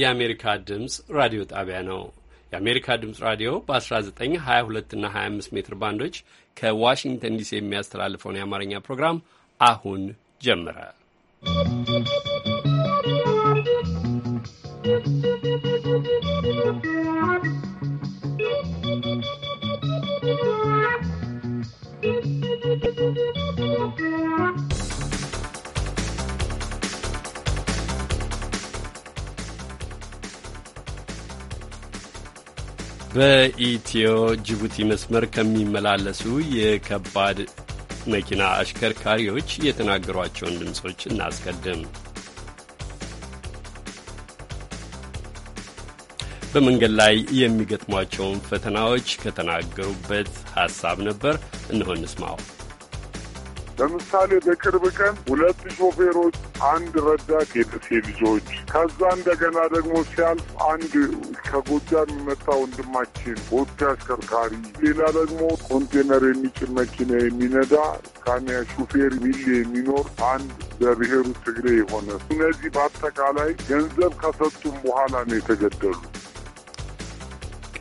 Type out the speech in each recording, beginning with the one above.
የአሜሪካ ድምፅ ራዲዮ ጣቢያ ነው። የአሜሪካ ድምፅ ራዲዮ በ 1922 እና 25 ሜትር ባንዶች ከዋሽንግተን ዲሲ የሚያስተላልፈውን የአማርኛ ፕሮግራም አሁን ጀምረ በኢትዮ ጅቡቲ መስመር ከሚመላለሱ የከባድ መኪና አሽከርካሪዎች የተናገሯቸውን ድምፆች እናስቀድም። በመንገድ ላይ የሚገጥሟቸውን ፈተናዎች ከተናገሩበት ሀሳብ ነበር። እንሆ እንስማው። ለምሳሌ በቅርብ ቀን ሁለት ሾፌሮች፣ አንድ ረዳት የደሴ ልጆች፣ ከዛ እንደገና ደግሞ ሲያልፍ አንድ ከጎጃም የሚመጣ ወንድማችን ቦቴ አሽከርካሪ፣ ሌላ ደግሞ ኮንቴነር የሚጭን መኪና የሚነዳ ካሚያ ሹፌር ሚል የሚኖር አንድ በብሔሩ ትግሬ የሆነ እነዚህ በአጠቃላይ ገንዘብ ከሰጡም በኋላ ነው የተገደሉ።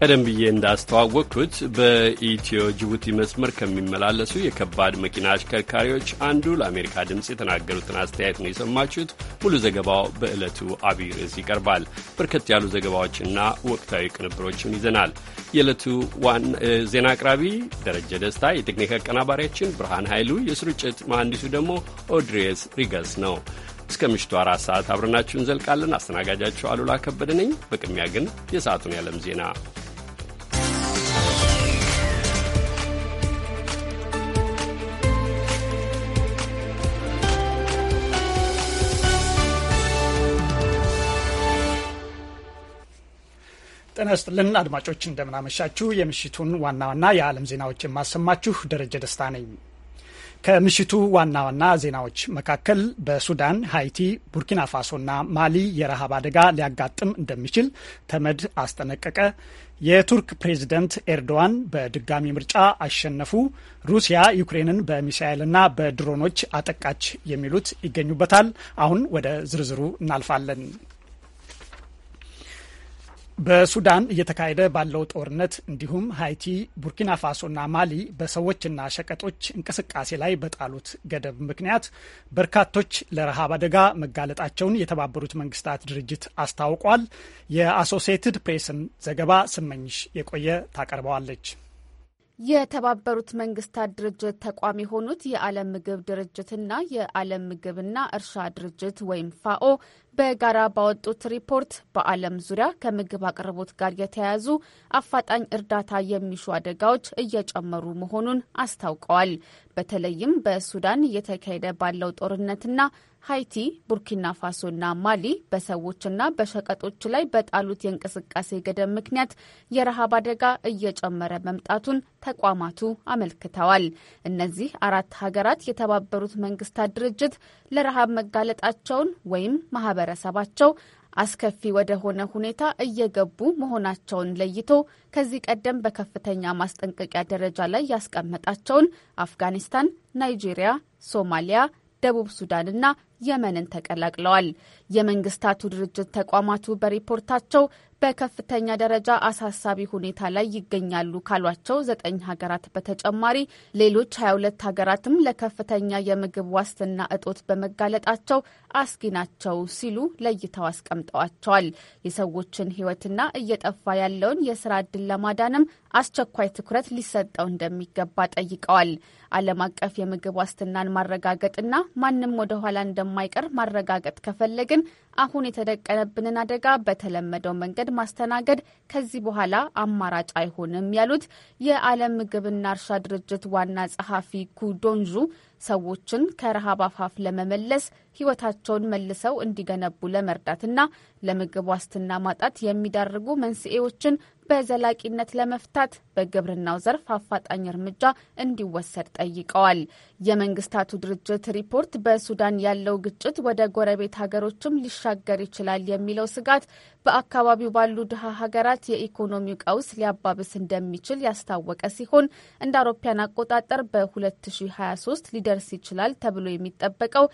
ቀደም ብዬ እንዳስተዋወቅኩት በኢትዮ ጅቡቲ መስመር ከሚመላለሱ የከባድ መኪና አሽከርካሪዎች አንዱ ለአሜሪካ ድምፅ የተናገሩትን አስተያየት ነው የሰማችሁት። ሙሉ ዘገባው በዕለቱ አብይ ርዕስ ይቀርባል። በርከት ያሉ ዘገባዎችና ወቅታዊ ቅንብሮችን ይዘናል። የዕለቱ ዜና አቅራቢ ደረጀ ደስታ፣ የቴክኒክ አቀናባሪያችን ብርሃን ኃይሉ፣ የስርጭት መሐንዲሱ ደግሞ ኦድሬስ ሪገስ ነው። እስከ ምሽቱ አራት ሰዓት አብረናችሁ እንዘልቃለን። አስተናጋጃችሁ አሉላ ከበደ ነኝ። በቅድሚያ ግን የሰዓቱን ያለም ዜና ጤና ይስጥልን አድማጮች፣ እንደምናመሻችሁ። የምሽቱን ዋና ዋና የዓለም ዜናዎች የማሰማችሁ ደረጀ ደስታ ነኝ። ከምሽቱ ዋና ዋና ዜናዎች መካከል በሱዳን፣ ሃይቲ፣ ቡርኪና ፋሶና ማሊ የረሃብ አደጋ ሊያጋጥም እንደሚችል ተመድ አስጠነቀቀ፣ የቱርክ ፕሬዝደንት ኤርዶዋን በድጋሚ ምርጫ አሸነፉ፣ ሩሲያ ዩክሬንን በሚሳኤልና በድሮኖች አጠቃች የሚሉት ይገኙበታል። አሁን ወደ ዝርዝሩ እናልፋለን። በሱዳን እየተካሄደ ባለው ጦርነት እንዲሁም ሀይቲ፣ ቡርኪና ፋሶና ማሊ በሰዎችና ሸቀጦች እንቅስቃሴ ላይ በጣሉት ገደብ ምክንያት በርካቶች ለረሃብ አደጋ መጋለጣቸውን የተባበሩት መንግስታት ድርጅት አስታውቋል። የአሶሲየትድ ፕሬስን ዘገባ ስመኝሽ የቆየ ታቀርበዋለች። የተባበሩት መንግስታት ድርጅት ተቋም የሆኑት የዓለም ምግብ ድርጅትና የዓለም ምግብና እርሻ ድርጅት ወይም ፋኦ በጋራ ባወጡት ሪፖርት በዓለም ዙሪያ ከምግብ አቅርቦት ጋር የተያያዙ አፋጣኝ እርዳታ የሚሹ አደጋዎች እየጨመሩ መሆኑን አስታውቀዋል። በተለይም በሱዳን እየተካሄደ ባለው ጦርነትና ሀይቲ፣ ቡርኪና ፋሶና ማሊ በሰዎችና በሸቀጦች ላይ በጣሉት የእንቅስቃሴ ገደብ ምክንያት የረሃብ አደጋ እየጨመረ መምጣቱን ተቋማቱ አመልክተዋል። እነዚህ አራት ሀገራት የተባበሩት መንግስታት ድርጅት ለረሃብ መጋለጣቸውን ወይም ማህበ ማህበረሰባቸው አስከፊ ወደ ሆነ ሁኔታ እየገቡ መሆናቸውን ለይቶ ከዚህ ቀደም በከፍተኛ ማስጠንቀቂያ ደረጃ ላይ ያስቀመጣቸውን አፍጋኒስታን፣ ናይጄሪያ፣ ሶማሊያ ደቡብ ሱዳንና የመንን ተቀላቅለዋል። የመንግስታቱ ድርጅት ተቋማቱ በሪፖርታቸው በከፍተኛ ደረጃ አሳሳቢ ሁኔታ ላይ ይገኛሉ ካሏቸው ዘጠኝ ሀገራት በተጨማሪ ሌሎች 22 ሀገራትም ለከፍተኛ የምግብ ዋስትና እጦት በመጋለጣቸው አስጊ ናቸው ሲሉ ለይተው አስቀምጠዋቸዋል። የሰዎችን ሕይወትና እየጠፋ ያለውን የስራ እድል ለማዳንም አስቸኳይ ትኩረት ሊሰጠው እንደሚገባ ጠይቀዋል። ዓለም አቀፍ የምግብ ዋስትናን ማረጋገጥና ማንም ወደ ኋላ እንደማይቀር ማረጋገጥ ከፈለግን አሁን የተደቀነብንን አደጋ በተለመደው መንገድ ማስተናገድ ከዚህ በኋላ አማራጭ አይሆንም ያሉት የዓለም ምግብና እርሻ ድርጅት ዋና ጸሐፊ ኩዶንዙ ሰዎችን ከረሃብ አፋፍ ለመመለስ ህይወታቸውን መልሰው እንዲገነቡ ለመርዳትና ለምግብ ዋስትና ማጣት የሚዳርጉ መንስኤዎችን በዘላቂነት ለመፍታት በግብርናው ዘርፍ አፋጣኝ እርምጃ እንዲወሰድ ጠይቀዋል። የመንግስታቱ ድርጅት ሪፖርት በሱዳን ያለው ግጭት ወደ ጎረቤት ሀገሮችም ሊሻገር ይችላል የሚለው ስጋት በአካባቢው ባሉ ድሃ ሀገራት የኢኮኖሚው ቀውስ ሊያባብስ እንደሚችል ያስታወቀ ሲሆን እንደ አውሮፓያን አቆጣጠር በ2023 ሊደርስ ይችላል ተብሎ የሚጠበቀው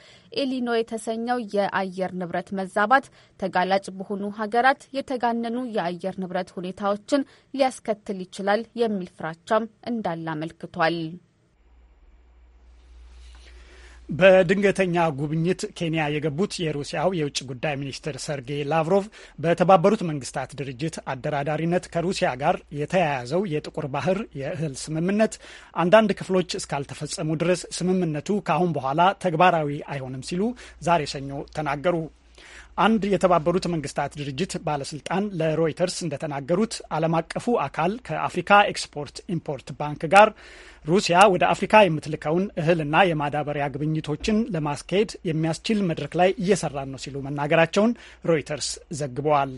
ኤሊኖ የተሰኘው የአየር ንብረት መዛባት ተጋላጭ በሆኑ ሀገራት የተጋነኑ የአየር ንብረት ሁኔታዎችን ሊያስከትል ይችላል የሚል ፍራቻም እንዳለ አመልክቷል። በድንገተኛ ጉብኝት ኬንያ የገቡት የሩሲያው የውጭ ጉዳይ ሚኒስትር ሰርጌይ ላቭሮቭ በተባበሩት መንግስታት ድርጅት አደራዳሪነት ከሩሲያ ጋር የተያያዘው የጥቁር ባህር የእህል ስምምነት አንዳንድ ክፍሎች እስካልተፈጸሙ ድረስ ስምምነቱ ከአሁን በኋላ ተግባራዊ አይሆንም ሲሉ ዛሬ ሰኞ ተናገሩ። አንድ የተባበሩት መንግስታት ድርጅት ባለስልጣን ለሮይተርስ እንደተናገሩት ዓለም አቀፉ አካል ከአፍሪካ ኤክስፖርት ኢምፖርት ባንክ ጋር ሩሲያ ወደ አፍሪካ የምትልከውን እህልና የማዳበሪያ ግብኝቶችን ለማስካሄድ የሚያስችል መድረክ ላይ እየሰራን ነው ሲሉ መናገራቸውን ሮይተርስ ዘግበዋል።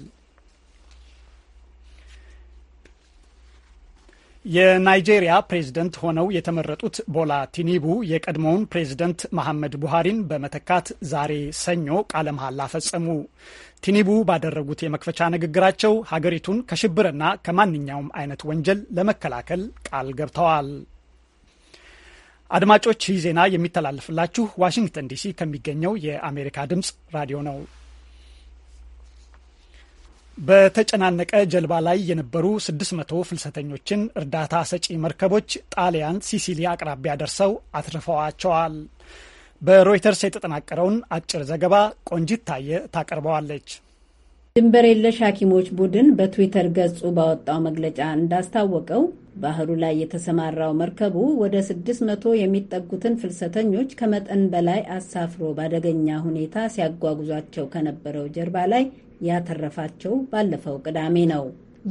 የናይጄሪያ ፕሬዝደንት ሆነው የተመረጡት ቦላ ቲኒቡ የቀድሞውን ፕሬዝደንት መሐመድ ቡሃሪን በመተካት ዛሬ ሰኞ ቃለ መሐላ ፈጸሙ። ቲኒቡ ባደረጉት የመክፈቻ ንግግራቸው ሀገሪቱን ከሽብርና ከማንኛውም አይነት ወንጀል ለመከላከል ቃል ገብተዋል። አድማጮች ይህ ዜና የሚተላለፍላችሁ ዋሽንግተን ዲሲ ከሚገኘው የአሜሪካ ድምፅ ራዲዮ ነው። በተጨናነቀ ጀልባ ላይ የነበሩ 600 ፍልሰተኞችን እርዳታ ሰጪ መርከቦች ጣሊያን ሲሲሊ አቅራቢያ ደርሰው አትርፈዋቸዋል። በሮይተርስ የተጠናቀረውን አጭር ዘገባ ቆንጂት ታየ ታቀርበዋለች። ድንበር የለሽ ሐኪሞች ቡድን በትዊተር ገጹ ባወጣው መግለጫ እንዳስታወቀው ባህሩ ላይ የተሰማራው መርከቡ ወደ 600 የሚጠጉትን ፍልሰተኞች ከመጠን በላይ አሳፍሮ ባደገኛ ሁኔታ ሲያጓጉዟቸው ከነበረው ጀልባ ላይ ያተረፋቸው ባለፈው ቅዳሜ ነው።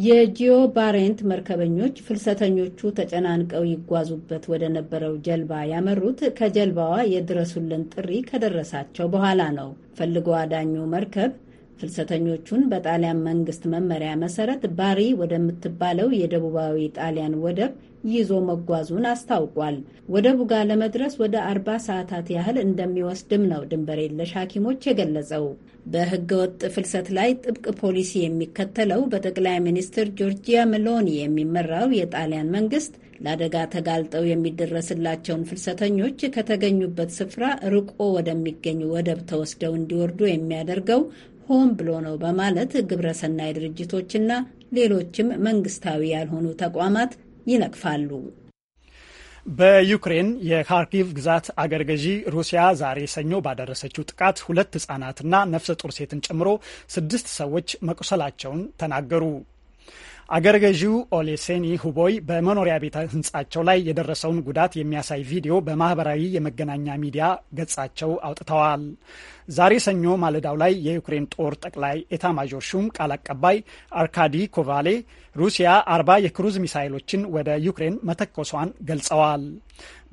የጂኦ ባሬንት መርከበኞች ፍልሰተኞቹ ተጨናንቀው ይጓዙበት ወደ ነበረው ጀልባ ያመሩት ከጀልባዋ የድረሱልን ጥሪ ከደረሳቸው በኋላ ነው። ፈልጎ አዳኙ መርከብ ፍልሰተኞቹን በጣሊያን መንግስት መመሪያ መሰረት ባሪ ወደምትባለው የደቡባዊ ጣሊያን ወደብ ይዞ መጓዙን አስታውቋል። ወደቡ ጋር ለመድረስ ወደ አርባ ሰዓታት ያህል እንደሚወስድም ነው ድንበር የለሽ ሐኪሞች የገለጸው። በህገወጥ ፍልሰት ላይ ጥብቅ ፖሊሲ የሚከተለው በጠቅላይ ሚኒስትር ጆርጂያ ሜሎኒ የሚመራው የጣሊያን መንግስት ለአደጋ ተጋልጠው የሚደረስላቸውን ፍልሰተኞች ከተገኙበት ስፍራ ርቆ ወደሚገኝ ወደብ ተወስደው እንዲወርዱ የሚያደርገው ሆን ብሎ ነው በማለት ግብረሰናይ ድርጅቶችና ሌሎችም መንግስታዊ ያልሆኑ ተቋማት ይነቅፋሉ። በዩክሬን የካርኪቭ ግዛት አገር ገዢ ሩሲያ ዛሬ ሰኞ ባደረሰችው ጥቃት ሁለት ህጻናትና ነፍሰ ጡር ሴትን ጨምሮ ስድስት ሰዎች መቁሰላቸውን ተናገሩ። አገረ ገዢው ኦሌሴኒ ሁቦይ በመኖሪያ ቤት ህንጻቸው ላይ የደረሰውን ጉዳት የሚያሳይ ቪዲዮ በማህበራዊ የመገናኛ ሚዲያ ገጻቸው አውጥተዋል። ዛሬ ሰኞ ማለዳው ላይ የዩክሬን ጦር ጠቅላይ ማዦር ሹም ቃል አቀባይ አርካዲ ኮቫሌ ሩሲያ አርባ የክሩዝ ሚሳይሎችን ወደ ዩክሬን መተኮሷን ገልጸዋል።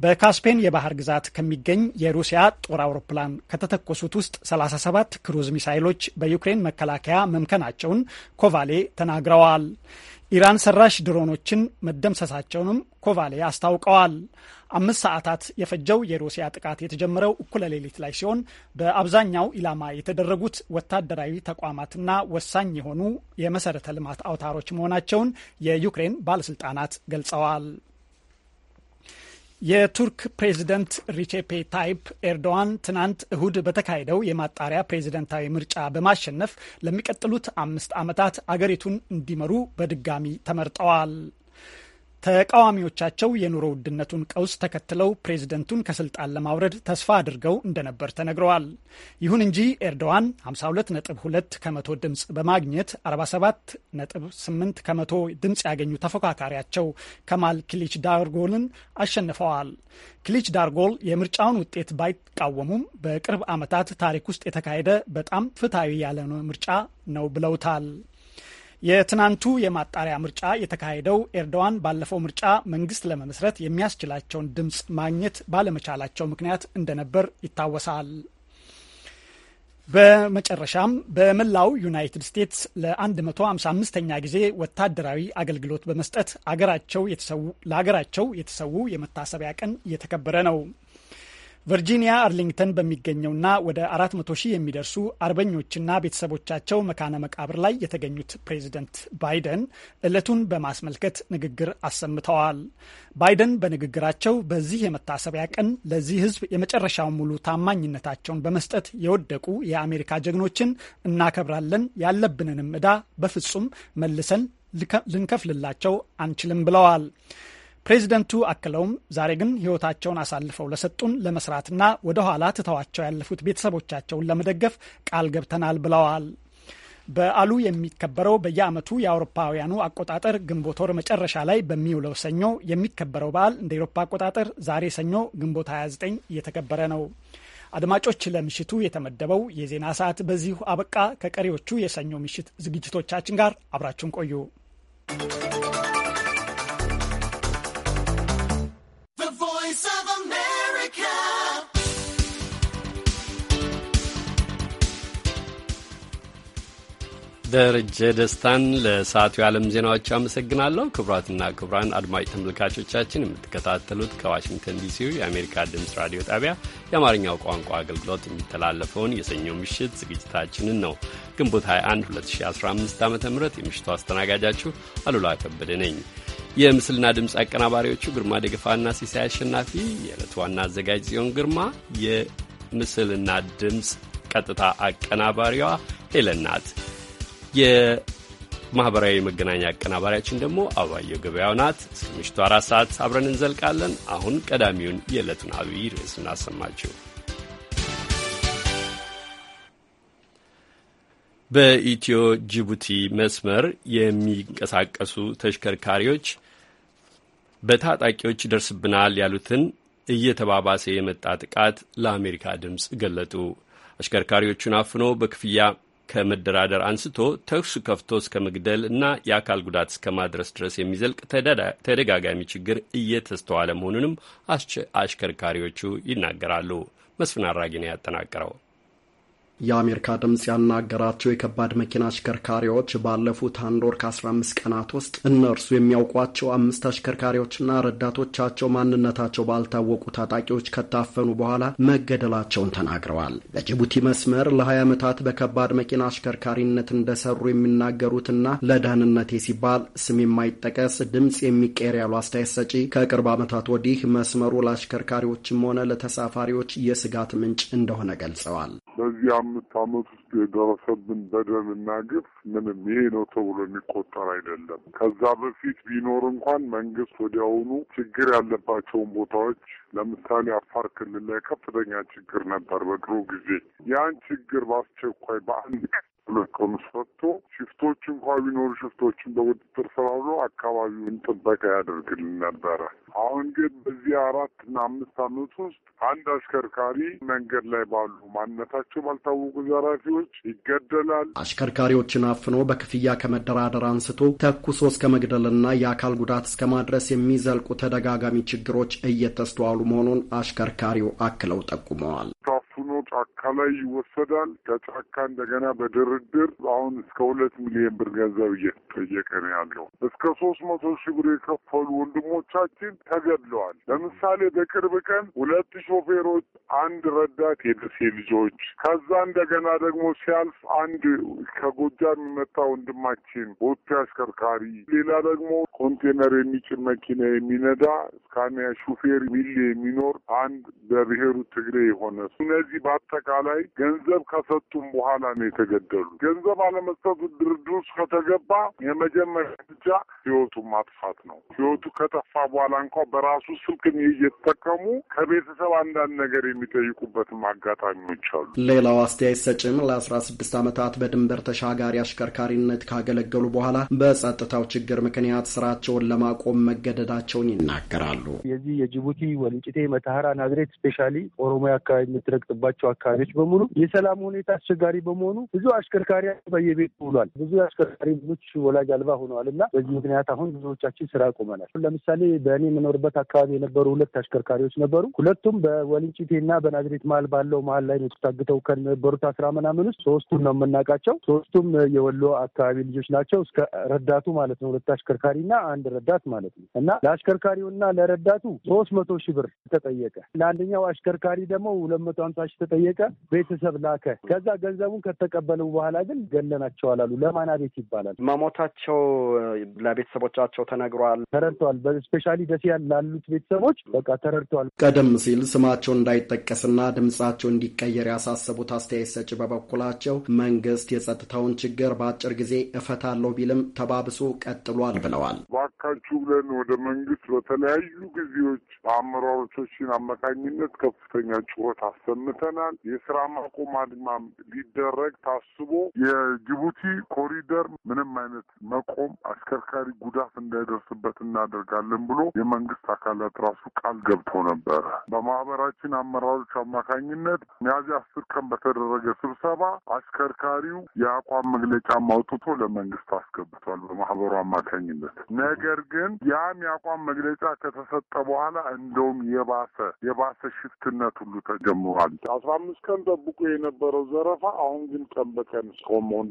በካስፔን የባህር ግዛት ከሚገኝ የሩሲያ ጦር አውሮፕላን ከተተኮሱት ውስጥ 37 ክሩዝ ሚሳይሎች በዩክሬን መከላከያ መምከናቸውን ኮቫሌ ተናግረዋል። ኢራን ሰራሽ ድሮኖችን መደምሰሳቸውንም ኮቫሌ አስታውቀዋል። አምስት ሰዓታት የፈጀው የሩሲያ ጥቃት የተጀመረው እኩለ ሌሊት ላይ ሲሆን በአብዛኛው ኢላማ የተደረጉት ወታደራዊ ተቋማትና ወሳኝ የሆኑ የመሰረተ ልማት አውታሮች መሆናቸውን የዩክሬን ባለስልጣናት ገልጸዋል። የቱርክ ፕሬዝደንት ሪቼፔ ታይፕ ኤርዶዋን ትናንት እሁድ በተካሄደው የማጣሪያ ፕሬዚደንታዊ ምርጫ በማሸነፍ ለሚቀጥሉት አምስት ዓመታት አገሪቱን እንዲመሩ በድጋሚ ተመርጠዋል። ተቃዋሚዎቻቸው የኑሮ ውድነቱን ቀውስ ተከትለው ፕሬዝደንቱን ከስልጣን ለማውረድ ተስፋ አድርገው እንደነበር ተነግረዋል። ይሁን እንጂ ኤርዶዋን 52.2 ከመቶ ድምፅ በማግኘት 47.8 ከመቶ ድምፅ ያገኙ ተፎካካሪያቸው ከማል ክሊች ዳርጎልን አሸንፈዋል። ክሊች ዳርጎል የምርጫውን ውጤት ባይቃወሙም በቅርብ ዓመታት ታሪክ ውስጥ የተካሄደ በጣም ፍትሐዊ ያለ ምርጫ ነው ብለውታል። የትናንቱ የማጣሪያ ምርጫ የተካሄደው ኤርዶዋን ባለፈው ምርጫ መንግስት ለመመስረት የሚያስችላቸውን ድምፅ ማግኘት ባለመቻላቸው ምክንያት እንደነበር ይታወሳል። በመጨረሻም በመላው ዩናይትድ ስቴትስ ለ155ኛ ጊዜ ወታደራዊ አገልግሎት በመስጠት ለሀገራቸው የተሰዉ የመታሰቢያ ቀን እየተከበረ ነው። ቨርጂኒያ አርሊንግተን በሚገኘውና ወደ 400 ሺህ የሚደርሱ አርበኞችና ቤተሰቦቻቸው መካነ መቃብር ላይ የተገኙት ፕሬዚደንት ባይደን ዕለቱን በማስመልከት ንግግር አሰምተዋል። ባይደን በንግግራቸው በዚህ የመታሰቢያ ቀን ለዚህ ሕዝብ የመጨረሻውን ሙሉ ታማኝነታቸውን በመስጠት የወደቁ የአሜሪካ ጀግኖችን እናከብራለን፣ ያለብንንም ዕዳ በፍጹም መልሰን ልንከፍልላቸው አንችልም ብለዋል። ፕሬዚደንቱ አክለውም ዛሬ ግን ሕይወታቸውን አሳልፈው ለሰጡን ለመስራትና ወደ ኋላ ትተዋቸው ያለፉት ቤተሰቦቻቸውን ለመደገፍ ቃል ገብተናል ብለዋል። በዓሉ የሚከበረው በየዓመቱ የአውሮፓውያኑ አቆጣጠር ግንቦት ወር መጨረሻ ላይ በሚውለው ሰኞ የሚከበረው በዓል እንደ ኤሮፓ አቆጣጠር ዛሬ ሰኞ ግንቦት 29 እየተከበረ ነው። አድማጮች፣ ለምሽቱ የተመደበው የዜና ሰዓት በዚሁ አበቃ። ከቀሪዎቹ የሰኞ ምሽት ዝግጅቶቻችን ጋር አብራችሁን ቆዩ። ደረጀ ደስታን ለሰዓቱ የዓለም ዜናዎች አመሰግናለሁ። ክቡራትና ክቡራን አድማጭ ተመልካቾቻችን የምትከታተሉት ከዋሽንግተን ዲሲው የአሜሪካ ድምፅ ራዲዮ ጣቢያ የአማርኛው ቋንቋ አገልግሎት የሚተላለፈውን የሰኞ ምሽት ዝግጅታችንን ነው። ግንቦት 21 2015 ዓ ም የምሽቱ አስተናጋጃችሁ አሉላ ከበደ ነኝ። የምስልና ድምፅ አቀናባሪዎቹ ግርማ ደገፋና ሲሳይ አሸናፊ፣ የዕለቱ ዋና አዘጋጅ ጽዮን ግርማ፣ የምስልና ድምፅ ቀጥታ አቀናባሪዋ ሄለን ናት። የማኅበራዊ መገናኛ አቀናባሪያችን ደግሞ አባየው ገበያው ናት። እስከ ምሽቱ አራት ሰዓት አብረን እንዘልቃለን። አሁን ቀዳሚውን የዕለቱን አብይ ርዕስ እናሰማችው። በኢትዮ ጅቡቲ መስመር የሚንቀሳቀሱ ተሽከርካሪዎች በታጣቂዎች ይደርስብናል ያሉትን እየተባባሰ የመጣ ጥቃት ለአሜሪካ ድምፅ ገለጡ። አሽከርካሪዎቹን አፍኖ በክፍያ ከመደራደር አንስቶ ተኩስ ከፍቶ እስከ መግደል እና የአካል ጉዳት እስከ ማድረስ ድረስ የሚዘልቅ ተደጋጋሚ ችግር እየተስተዋለ መሆኑንም አሽከርካሪዎቹ ይናገራሉ። መስፍን አራጌ ነው ያጠናቀረው። የአሜሪካ ድምፅ ያናገራቸው የከባድ መኪና አሽከርካሪዎች ባለፉት አንድ ወር ከ15 ቀናት ውስጥ እነርሱ የሚያውቋቸው አምስት አሽከርካሪዎችና ረዳቶቻቸው ማንነታቸው ባልታወቁ ታጣቂዎች ከታፈኑ በኋላ መገደላቸውን ተናግረዋል። በጅቡቲ መስመር ለ20 ዓመታት በከባድ መኪና አሽከርካሪነት እንደሰሩ የሚናገሩትና ለደህንነቴ ሲባል ስም የማይጠቀስ ድምፅ የሚቀር ያሉ አስተያየት ሰጪ ከቅርብ ዓመታት ወዲህ መስመሩ ለአሽከርካሪዎችም ሆነ ለተሳፋሪዎች የስጋት ምንጭ እንደሆነ ገልጸዋል። በዚህ አምስት አመት ውስጥ የደረሰብን እና ግፍ ምንም ይሄ ነው ተብሎ የሚቆጠር አይደለም። ከዛ በፊት ቢኖር እንኳን መንግስት ወዲያውኑ ችግር ያለባቸውን ቦታዎች ለምሳሌ አፋር ክልል ላይ ከፍተኛ ችግር ነበር በድሮ ጊዜ። ያን ችግር በአስቸኳይ በአንድ ለቀኑ ሰጥቶ ሽፍቶች እንኳ ቢኖሩ ሽፍቶችን በቁጥጥር ስር አውሎ አካባቢውን ጥበቃ ያደርግልን ነበረ። አሁን ግን በዚህ አራት እና አምስት ዓመት ውስጥ አንድ አሽከርካሪ መንገድ ላይ ባሉ ማንነታቸው ባልታወቁ ዘራፊዎች ይገደላል። አሽከርካሪዎችን አፍኖ በክፍያ ከመደራደር አንስቶ ተኩሶ እስከ መግደልና የአካል ጉዳት እስከ ማድረስ የሚዘልቁ ተደጋጋሚ ችግሮች እየተስተዋሉ መሆኑን አሽከርካሪው አክለው ጠቁመዋል። ጫካ ላይ ይወሰዳል። ከጫካ እንደገና በድርድር አሁን እስከ ሁለት ሚሊዮን ብር ገንዘብ እየተጠየቀ ነው ያለው። እስከ ሶስት መቶ ሺህ ብር የከፈሉ ወንድሞቻችን ተገድለዋል። ለምሳሌ በቅርብ ቀን ሁለት ሾፌሮች፣ አንድ ረዳት የደሴ ልጆች፣ ከዛ እንደገና ደግሞ ሲያልፍ አንድ ከጎጃ የሚመጣ ወንድማችን ቦቴ አሽከርካሪ፣ ሌላ ደግሞ ኮንቴነር የሚጭን መኪና የሚነዳ እስካሚያ ሹፌር ሚሌ የሚኖር አንድ በብሔሩ ትግሬ የሆነ እነዚህ በአጠቃላይ ገንዘብ ከሰጡም በኋላ ነው የተገደሉ። ገንዘብ አለመስጠቱ ድርድር ውስጥ ከተገባ የመጀመሪያ እርምጃ ህይወቱን ማጥፋት ነው። ህይወቱ ከጠፋ በኋላ እንኳ በራሱ ስልክን እየተጠቀሙ ከቤተሰብ አንዳንድ ነገር የሚጠይቁበትም አጋጣሚዎች አሉ። ሌላው አስተያየት ሰጭም ለአስራ ስድስት ዓመታት በድንበር ተሻጋሪ አሽከርካሪነት ካገለገሉ በኋላ በጸጥታው ችግር ምክንያት ስራቸውን ለማቆም መገደዳቸውን ይናገራሉ። የዚህ የጅቡቲ ወንጭቴ፣ መተሐራ፣ ናዝሬት ስፔሻሊ ኦሮሞ አካባቢ የምትረግጥባቸው ያላቸው አካባቢዎች በሙሉ የሰላም ሁኔታ አስቸጋሪ በመሆኑ ብዙ አሽከርካሪ በየቤት ውሏል። ብዙ አሽከርካሪ ብዙዎች ወላጅ አልባ ሆነዋል እና በዚህ ምክንያት አሁን ብዙዎቻችን ስራ ቆመናል። ለምሳሌ በእኔ የምኖርበት አካባቢ የነበሩ ሁለት አሽከርካሪዎች ነበሩ። ሁለቱም በወልንጭቴና በናዝሬት መሀል ባለው መሀል ላይ ነው ታግተው ከነበሩት አስራ ምናምን ውስጥ ሶስቱን ነው የምናውቃቸው። ሶስቱም የወሎ አካባቢ ልጆች ናቸው። እስከ ረዳቱ ማለት ነው ሁለት አሽከርካሪና አንድ ረዳት ማለት ነው እና ለአሽከርካሪውና ለረዳቱ ሶስት መቶ ሺህ ብር ተጠየቀ። ለአንደኛው አሽከርካሪ ደግሞ ሁለት መቶ ሀምሳ ሺህ ከተጠየቀ ቤተሰብ ላከ። ከዛ ገንዘቡን ከተቀበሉ በኋላ ግን ገለናቸዋል አሉ። ለማና ቤት ይባላል። መሞታቸው ለቤተሰቦቻቸው ተነግሯል፣ ተረድተዋል። በስፔሻሊ ደሴ ላሉት ቤተሰቦች በቃ ተረድተዋል። ቀደም ሲል ስማቸው እንዳይጠቀስና ድምጻቸው እንዲቀየር ያሳሰቡት አስተያየት ሰጪ በበኩላቸው መንግስት የጸጥታውን ችግር በአጭር ጊዜ እፈታለሁ ቢልም ተባብሶ ቀጥሏል ብለዋል። ባካችሁ ብለን ወደ መንግስት በተለያዩ ጊዜዎች በአመራሮቻችን አማካኝነት ከፍተኛ ጩኸት አሰምተናል። ይሆናል። የስራ ማቆም አድማም ሊደረግ ታስቦ የጅቡቲ ኮሪደር ምንም አይነት መቆም አሽከርካሪ ጉዳት እንዳይደርስበት እናደርጋለን ብሎ የመንግስት አካላት ራሱ ቃል ገብቶ ነበረ። በማህበራችን አመራሮች አማካኝነት ሚያዝያ አስር ቀን በተደረገ ስብሰባ አሽከርካሪው የአቋም መግለጫ አውጥቶ ለመንግስት አስገብቷል በማህበሩ አማካኝነት። ነገር ግን ያም የአቋም መግለጫ ከተሰጠ በኋላ እንደውም የባሰ የባሰ ሽፍትነት ሁሉ ተጀምሯል። አስራ አምስት ቀን ጠብቆ የነበረው ዘረፋ አሁን ግን ቀን በቀን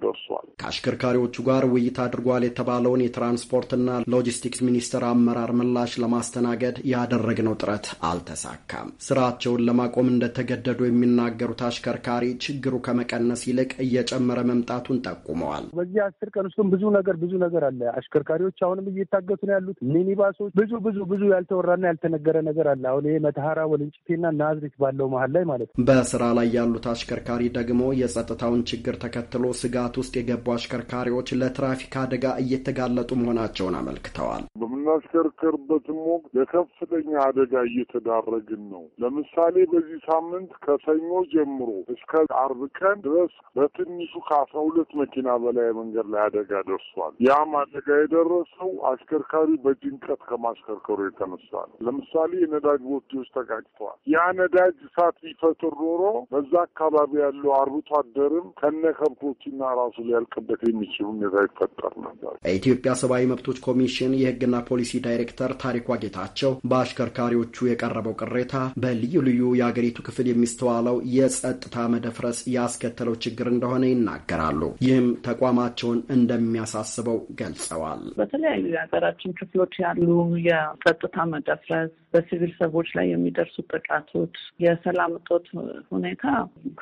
ደርሷል። ከአሽከርካሪዎቹ ጋር ውይይት አድርጓል የተባለውን የትራንስፖርትና ሎጂስቲክስ ሚኒስቴር አመራር ምላሽ ለማስተናገድ ያደረግነው ጥረት አልተሳካም። ስራቸውን ለማቆም እንደተገደዱ የሚናገሩት አሽከርካሪ ችግሩ ከመቀነስ ይልቅ እየጨመረ መምጣቱን ጠቁመዋል። በዚህ አስር ቀን ውስጥም ብዙ ነገር ብዙ ነገር አለ። አሽከርካሪዎች አሁንም እየታገቱ ነው ያሉት። ሚኒባሶች ብዙ ብዙ ብዙ ያልተወራና ያልተነገረ ነገር አለ። አሁን ይሄ መተሐራ ወልንጭቴና ናዝሬት ባለው መሀል ላይ ማለት ነው። በስራ ላይ ያሉት አሽከርካሪ ደግሞ የጸጥታውን ችግር ተከትሎ ስጋት ውስጥ የገቡ አሽከርካሪዎች ለትራፊክ አደጋ እየተጋለጡ መሆናቸውን አመልክተዋል። በምናሽከርከርበትም ወቅት ለከፍተኛ አደጋ እየተዳረግን ነው። ለምሳሌ በዚህ ሳምንት ከሰኞ ጀምሮ እስከ አርብ ቀን ድረስ በትንሹ ከአስራ ሁለት መኪና በላይ መንገድ ላይ አደጋ ደርሷል። ያም አደጋ የደረሰው አሽከርካሪ በጭንቀት ከማሽከርከሩ የተነሳ ነው። ለምሳሌ የነዳጅ ቦቴዎች ተቃጭተዋል። ያ ነዳጅ እሳት ሊፈጥር ኖሮ በዛ አካባቢ ያለው አርብቶ አደርም ከነ ከብቶችና ራሱ ሊያልቅበት የሚችል ሁኔታ ይፈጠር ነበር። የኢትዮጵያ ሰብአዊ መብቶች ኮሚሽን የህግና ፖሊሲ ዳይሬክተር ታሪኩ ጌታቸው በአሽከርካሪዎቹ የቀረበው ቅሬታ በልዩ ልዩ የአገሪቱ ክፍል የሚስተዋለው የጸጥታ መደፍረስ ያስከተለው ችግር እንደሆነ ይናገራሉ። ይህም ተቋማቸውን እንደሚያሳስበው ገልጸዋል። በተለያዩ የሀገራችን ክፍሎች ያሉ የጸጥታ መደፍረስ በሲቪል ሰዎች ላይ የሚደርሱ ጥቃቶች፣ የሰላም እጦት ሁኔታ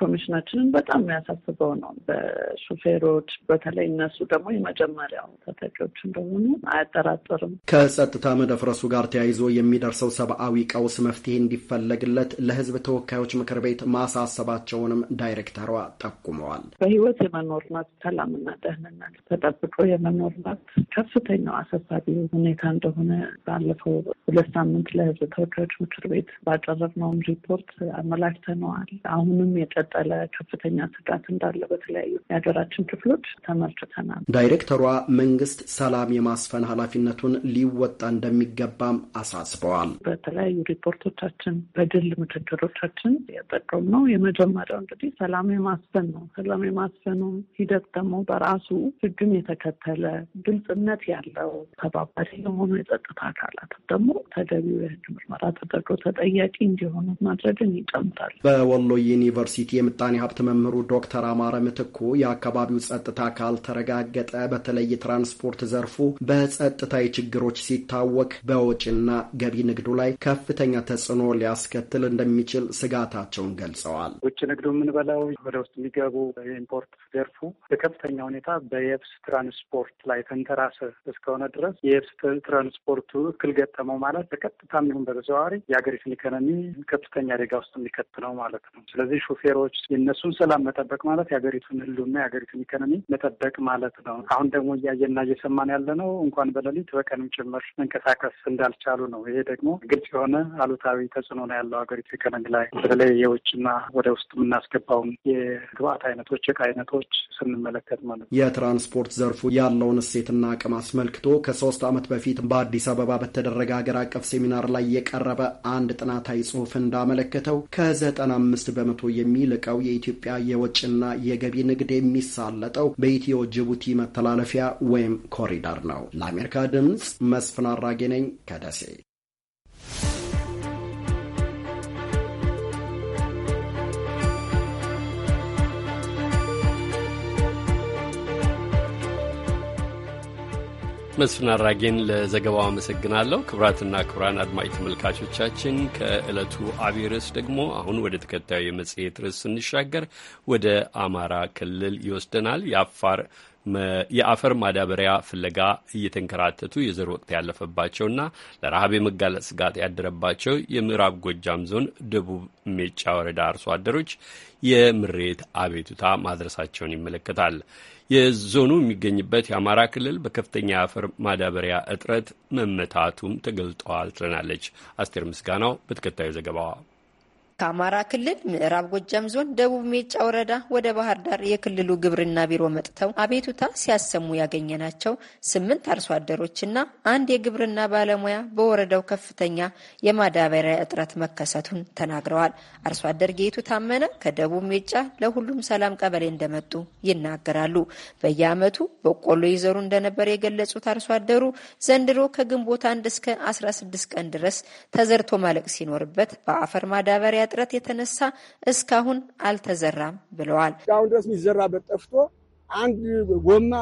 ኮሚሽናችንን በጣም የሚያሳስበው ነው። በሹፌሮች በተለይ እነሱ ደግሞ የመጀመሪያው ተጠቂዎች እንደሆኑ አያጠራጥርም። ከጸጥታ መደፍረሱ ጋር ተያይዞ የሚደርሰው ሰብአዊ ቀውስ መፍትሄ እንዲፈለግለት ለህዝብ ተወካዮች ምክር ቤት ማሳሰባቸውንም ዳይሬክተሯ ጠቁመዋል። በህይወት የመኖር መብት፣ ሰላምና ደህንነት ተጠብቆ የመኖር መብት ከፍተኛው አሳሳቢ ሁኔታ እንደሆነ ባለፈው ሁለት ሳምንት ለሕዝብ ተወካዮች ምክር ቤት ባቀረብነውም ሪፖርት አመላክተነዋል። አሁንም የቀጠለ ከፍተኛ ስጋት እንዳለ በተለያዩ የሀገራችን ክፍሎች ተመልክተናል። ዳይሬክተሯ መንግስት ሰላም የማስፈን ኃላፊነቱን ሊወጣ እንደሚገባም አሳስበዋል። በተለያዩ ሪፖርቶቻችን፣ በግል ምክክሮቻችን የጠቀምነው የመጀመሪያው እንግዲህ ሰላም የማስፈን ነው። ሰላም የማስፈኑ ሂደት ደግሞ በራሱ ህግን የተከተለ ግልጽነት ያለው ተባባሪ የሆኑ የጸጥታ አካላት ደግሞ ተገቢው ምርመራ ተደርጎ ተጠያቂ እንዲሆኑ ማድረግን ይጨምራል። በወሎ ዩኒቨርሲቲ የምጣኔ ሀብት መምህሩ ዶክተር አማረ ምትኩ የአካባቢው ጸጥታ ተረጋገጠ በተለይ የትራንስፖርት ዘርፉ በጸጥታዊ ችግሮች ሲታወክ በወጪና ገቢ ንግዱ ላይ ከፍተኛ ተጽዕኖ ሊያስከትል እንደሚችል ስጋታቸውን ገልጸዋል። ውጭ ንግዱ የምንበላው ወደ ውስጥ የሚገቡ ኢምፖርት ዘርፉ በከፍተኛ ሁኔታ በየብስ ትራንስፖርት ላይ ተንተራሰ እስከሆነ ድረስ የየብስ ትራንስፖርቱ እክል ገጠመው ማለት በቀጥታም እንዲሁም በተዘዋዋሪ የሀገሪቱን ኢኮኖሚ ከፍተኛ አደጋ ውስጥ የሚከት ነው ማለት ነው። ስለዚህ ሹፌሮች የእነሱን ሰላም መጠበቅ ማለት የሀገሪቱን ህልውና የሀገሪቱን ኢኮኖሚ መጠበቅ ማለት ነው። አሁን ደግሞ እያየና እየሰማን ያለ ነው እንኳን በሌሊት በቀንም ጭምር መንቀሳቀስ እንዳልቻሉ ነው። ይሄ ደግሞ ግልጽ የሆነ አሉታዊ ተጽዕኖ ነው ያለው ሀገሪቱ ኢኮኖሚ ላይ በተለይ የውጭና ወደ ውስጥ የምናስገባውን የግብአት አይነቶች የእቃ አይነቶች ስንመለከት ማለት ነው። የትራንስፖርት ዘርፉ ያለውን እሴትና አቅም አስመልክቶ ከሶስት ዓመት በፊት በአዲስ አበባ በተደረገ ሀገር አቀፍ ሴሚናር ላይ የቀረበ አንድ ጥናታዊ ጽሑፍ እንዳመለከተው ከ95 በመቶ የሚልቀው የኢትዮጵያ የወጭና የገቢ ንግድ የሚሳለጠው በኢትዮ ጅቡቲ መተላለፊያ ወይም ኮሪደር ነው። ለአሜሪካ ድምፅ መስፍን አራጌ ነኝ ከደሴ። መስፍን አራጌን ለዘገባው አመሰግናለሁ። ክቡራትና ክቡራን አድማጭ ተመልካቾቻችን ከዕለቱ አብይ ርዕስ ደግሞ አሁን ወደ ተከታዩ የመጽሔት ርዕስ ስንሻገር ወደ አማራ ክልል ይወስደናል። የአፋር የአፈር ማዳበሪያ ፍለጋ እየተንከራተቱ የዘር ወቅት ያለፈባቸውና ለረሃብ የመጋለጥ ስጋት ያደረባቸው የምዕራብ ጎጃም ዞን ደቡብ ሜጫ ወረዳ አርሶ አደሮች የምሬት አቤቱታ ማድረሳቸውን ይመለከታል። የዞኑ የሚገኝበት የአማራ ክልል በከፍተኛ የአፈር ማዳበሪያ እጥረት መመታቱም ተገልጠዋል ትለናለች አስቴር ምስጋናው በተከታዩ ዘገባዋ። ከአማራ ክልል ምዕራብ ጎጃም ዞን ደቡብ ሜጫ ወረዳ ወደ ባህር ዳር የክልሉ ግብርና ቢሮ መጥተው አቤቱታ ሲያሰሙ ያገኘናቸው ስምንት አርሶ አደሮችና አንድ የግብርና ባለሙያ በወረዳው ከፍተኛ የማዳበሪያ እጥረት መከሰቱን ተናግረዋል። አርሶ አደር ጌቱ ታመነ ከደቡብ ሜጫ ለሁሉም ሰላም ቀበሌ እንደመጡ ይናገራሉ። በየአመቱ በቆሎ ይዘሩ እንደነበር የገለጹት አርሶ አደሩ ዘንድሮ ከግንቦት አንድ እስከ 16 ቀን ድረስ ተዘርቶ ማለቅ ሲኖርበት በአፈር ማዳበሪያ እጥረት የተነሳ እስካሁን አልተዘራም ብለዋል። አሁን ድረስ የሚዘራበት ጠፍቶ አንድ ጎማ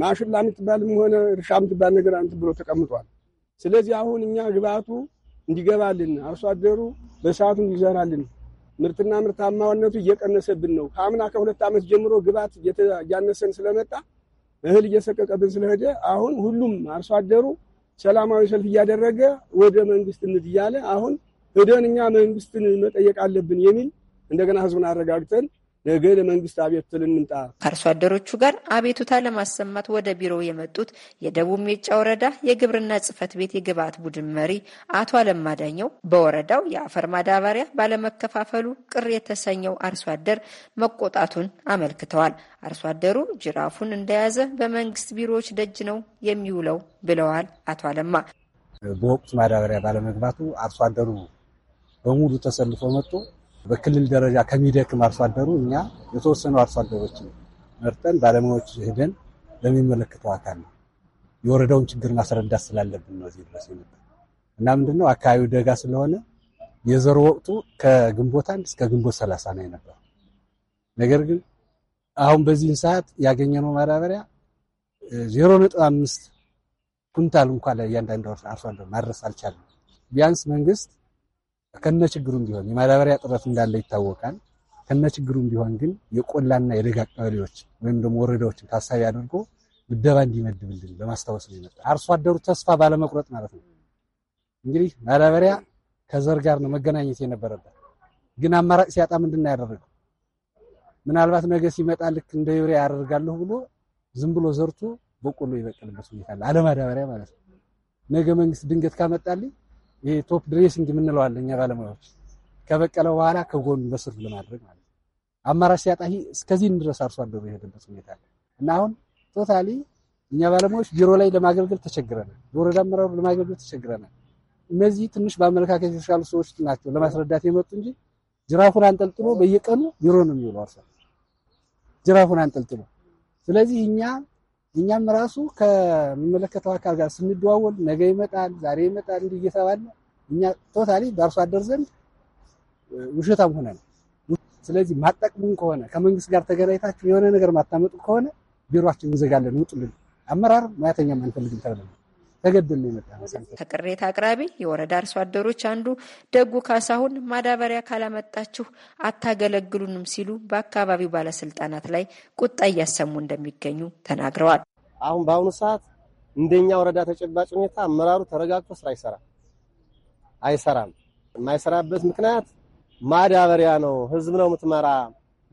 ማሽላ የምትባልም ሆነ እርሻ የምትባል ነገር አንት ብሎ ተቀምጧል። ስለዚህ አሁን እኛ ግብአቱ እንዲገባልን አርሶ አደሩ በሰዓቱ እንዲዘራልን ምርትና ምርታማነቱ እየቀነሰብን ነው። ከአምና ከሁለት ዓመት ጀምሮ ግብአት እያነሰን ስለመጣ እህል እየሰቀቀብን ስለሄደ አሁን ሁሉም አርሶ አደሩ ሰላማዊ ሰልፍ እያደረገ ወደ መንግስት እንድ እያለ አሁን ሄደን እኛ መንግስትን መጠየቅ አለብን የሚል እንደገና ህዝቡን አረጋግጠን ነገ ለመንግስት አቤቱታ ልንምጣ። ከአርሶ አደሮቹ ጋር አቤቱታ ለማሰማት ወደ ቢሮው የመጡት የደቡብ ሜጫ ወረዳ የግብርና ጽህፈት ቤት የግብዓት ቡድን መሪ አቶ አለማዳኘው በወረዳው የአፈር ማዳበሪያ ባለመከፋፈሉ ቅር የተሰኘው አርሶ አደር መቆጣቱን አመልክተዋል። አርሶ አደሩ ጅራፉን እንደያዘ በመንግስት ቢሮዎች ደጅ ነው የሚውለው ብለዋል አቶ አለማ። በወቅቱ ማዳበሪያ ባለመግባቱ አርሶ አደሩ በሙሉ ተሰልፎ መጥቶ በክልል ደረጃ ከሚደክም አርሶ አደሩ እኛ የተወሰኑ አርሶ አደሮችን መርጠን ባለሙያዎች ሄደን ለሚመለከተው አካል ነው የወረዳውን ችግር ማስረዳት ስላለብን ነው እዚህ ድረስ ነበር እና ምንድነው አካባቢው ደጋ ስለሆነ የዘር ወቅቱ ከግንቦት አንድ እስከ ግንቦት ሰላሳ ነው የነበረው። ነገር ግን አሁን በዚህን ሰዓት ያገኘነው ማዳበሪያ ዜሮ ነጥብ አምስት ኩንታል እንኳን ለእያንዳንዱ አርሶ አደር ማድረስ አልቻለም። ቢያንስ መንግስት ከነ ችግሩም ቢሆን የማዳበሪያ ጥረት እንዳለ ይታወቃል። ከነ ችግሩም ቢሆን ግን የቆላና የደጋ ቀበሌዎች ወይም ደግሞ ወረዳዎችን ታሳቢ አድርጎ ምደባ እንዲመድብልን ለማስታወስ ነው የመጣ። አርሶ አደሩ ተስፋ ባለመቁረጥ ማለት ነው እንግዲህ ማዳበሪያ ከዘር ጋር ነው መገናኘት የነበረበት። ግን አማራጭ ሲያጣ ምንድን ነው ያደረገው? ምናልባት ነገ ሲመጣ ልክ እንደ ዩሪያ ያደርጋለሁ ብሎ ዝም ብሎ ዘርቶ በቆሎ ይበቅልበት ሁኔታ አለ፣ አለማዳበሪያ ማለት ነው። ነገ መንግስት ድንገት ካመጣልኝ የቶፕ ቶፕ ድሬሲንግ የምንለው አለ እኛ ባለሙያዎች ከበቀለ በኋላ ከጎን በስሩ ለማድረግ ማለት ነው። አማራጭ ሲያጣ እስከዚህ እንድረስ አርሶ አደሩ የሄደበት ሁኔታ አለ እና አሁን ቶታሊ እኛ ባለሙያዎች ቢሮ ላይ ለማገልገል ተቸግረናል። በወረዳ አመራሩ ለማገልገል ተቸግረናል። እነዚህ ትንሽ በአመለካከት የተሻሉ ሰዎች ናቸው ለማስረዳት የመጡ እንጂ ጅራፉን አንጠልጥሎ በየቀኑ ቢሮ ነው የሚውለው አርሶ ጅራፉን አንጠልጥሎ። ስለዚህ እኛ እኛም ራሱ ከሚመለከተው አካል ጋር ስንደዋወል ነገ ይመጣል፣ ዛሬ ይመጣል እንዲህ እየተባለ እኛ ቶታሊ በአርሶ አደር ዘንድ ውሸታም ሆነ ነው። ስለዚህ ማጠቅሙን ከሆነ ከመንግስት ጋር ተገናኝታችሁ የሆነ ነገር ማታመጡ ከሆነ ቢሮችን እንዘጋለን፣ ውጡልን፣ አመራር ሙያተኛም አንፈልግም ተብለን ተገድል ነው የመጣ። ከቅሬታ አቅራቢ የወረዳ አርሶ አደሮች አንዱ ደጉ ካሳሁን ማዳበሪያ ካላመጣችሁ አታገለግሉንም ሲሉ በአካባቢው ባለስልጣናት ላይ ቁጣ እያሰሙ እንደሚገኙ ተናግረዋል። አሁን በአሁኑ ሰዓት እንደኛ ወረዳ ተጨባጭ ሁኔታ አመራሩ ተረጋግቶ ስራ አይሰራም አይሰራም። የማይሰራበት ምክንያት ማዳበሪያ ነው፣ ህዝብ ነው የምትመራ፣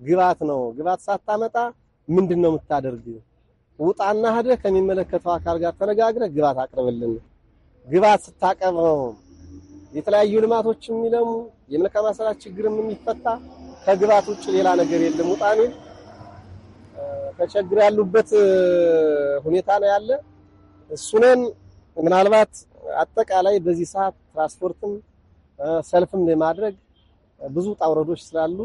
ግባት ነው። ግባት ሳታመጣ ምንድን ነው የምታደርግ? ውጣና ሄደህ ከሚመለከተው አካል ጋር ተነጋግረ ግባት አቅርብልን። ግባት ስታቀርበው የተለያዩ ልማቶች የሚለሙ የመልካም አሰራር ችግርም የሚፈታ ከግባት ውጭ ሌላ ነገር የለም። ውጣኔ ተቸግር ያሉበት ሁኔታ ነው ያለ። እሱነን ምናልባት አጠቃላይ በዚህ ሰዓት ትራንስፖርትም ሰልፍም ለማድረግ ብዙ ውጣ ውረዶች ስላሉ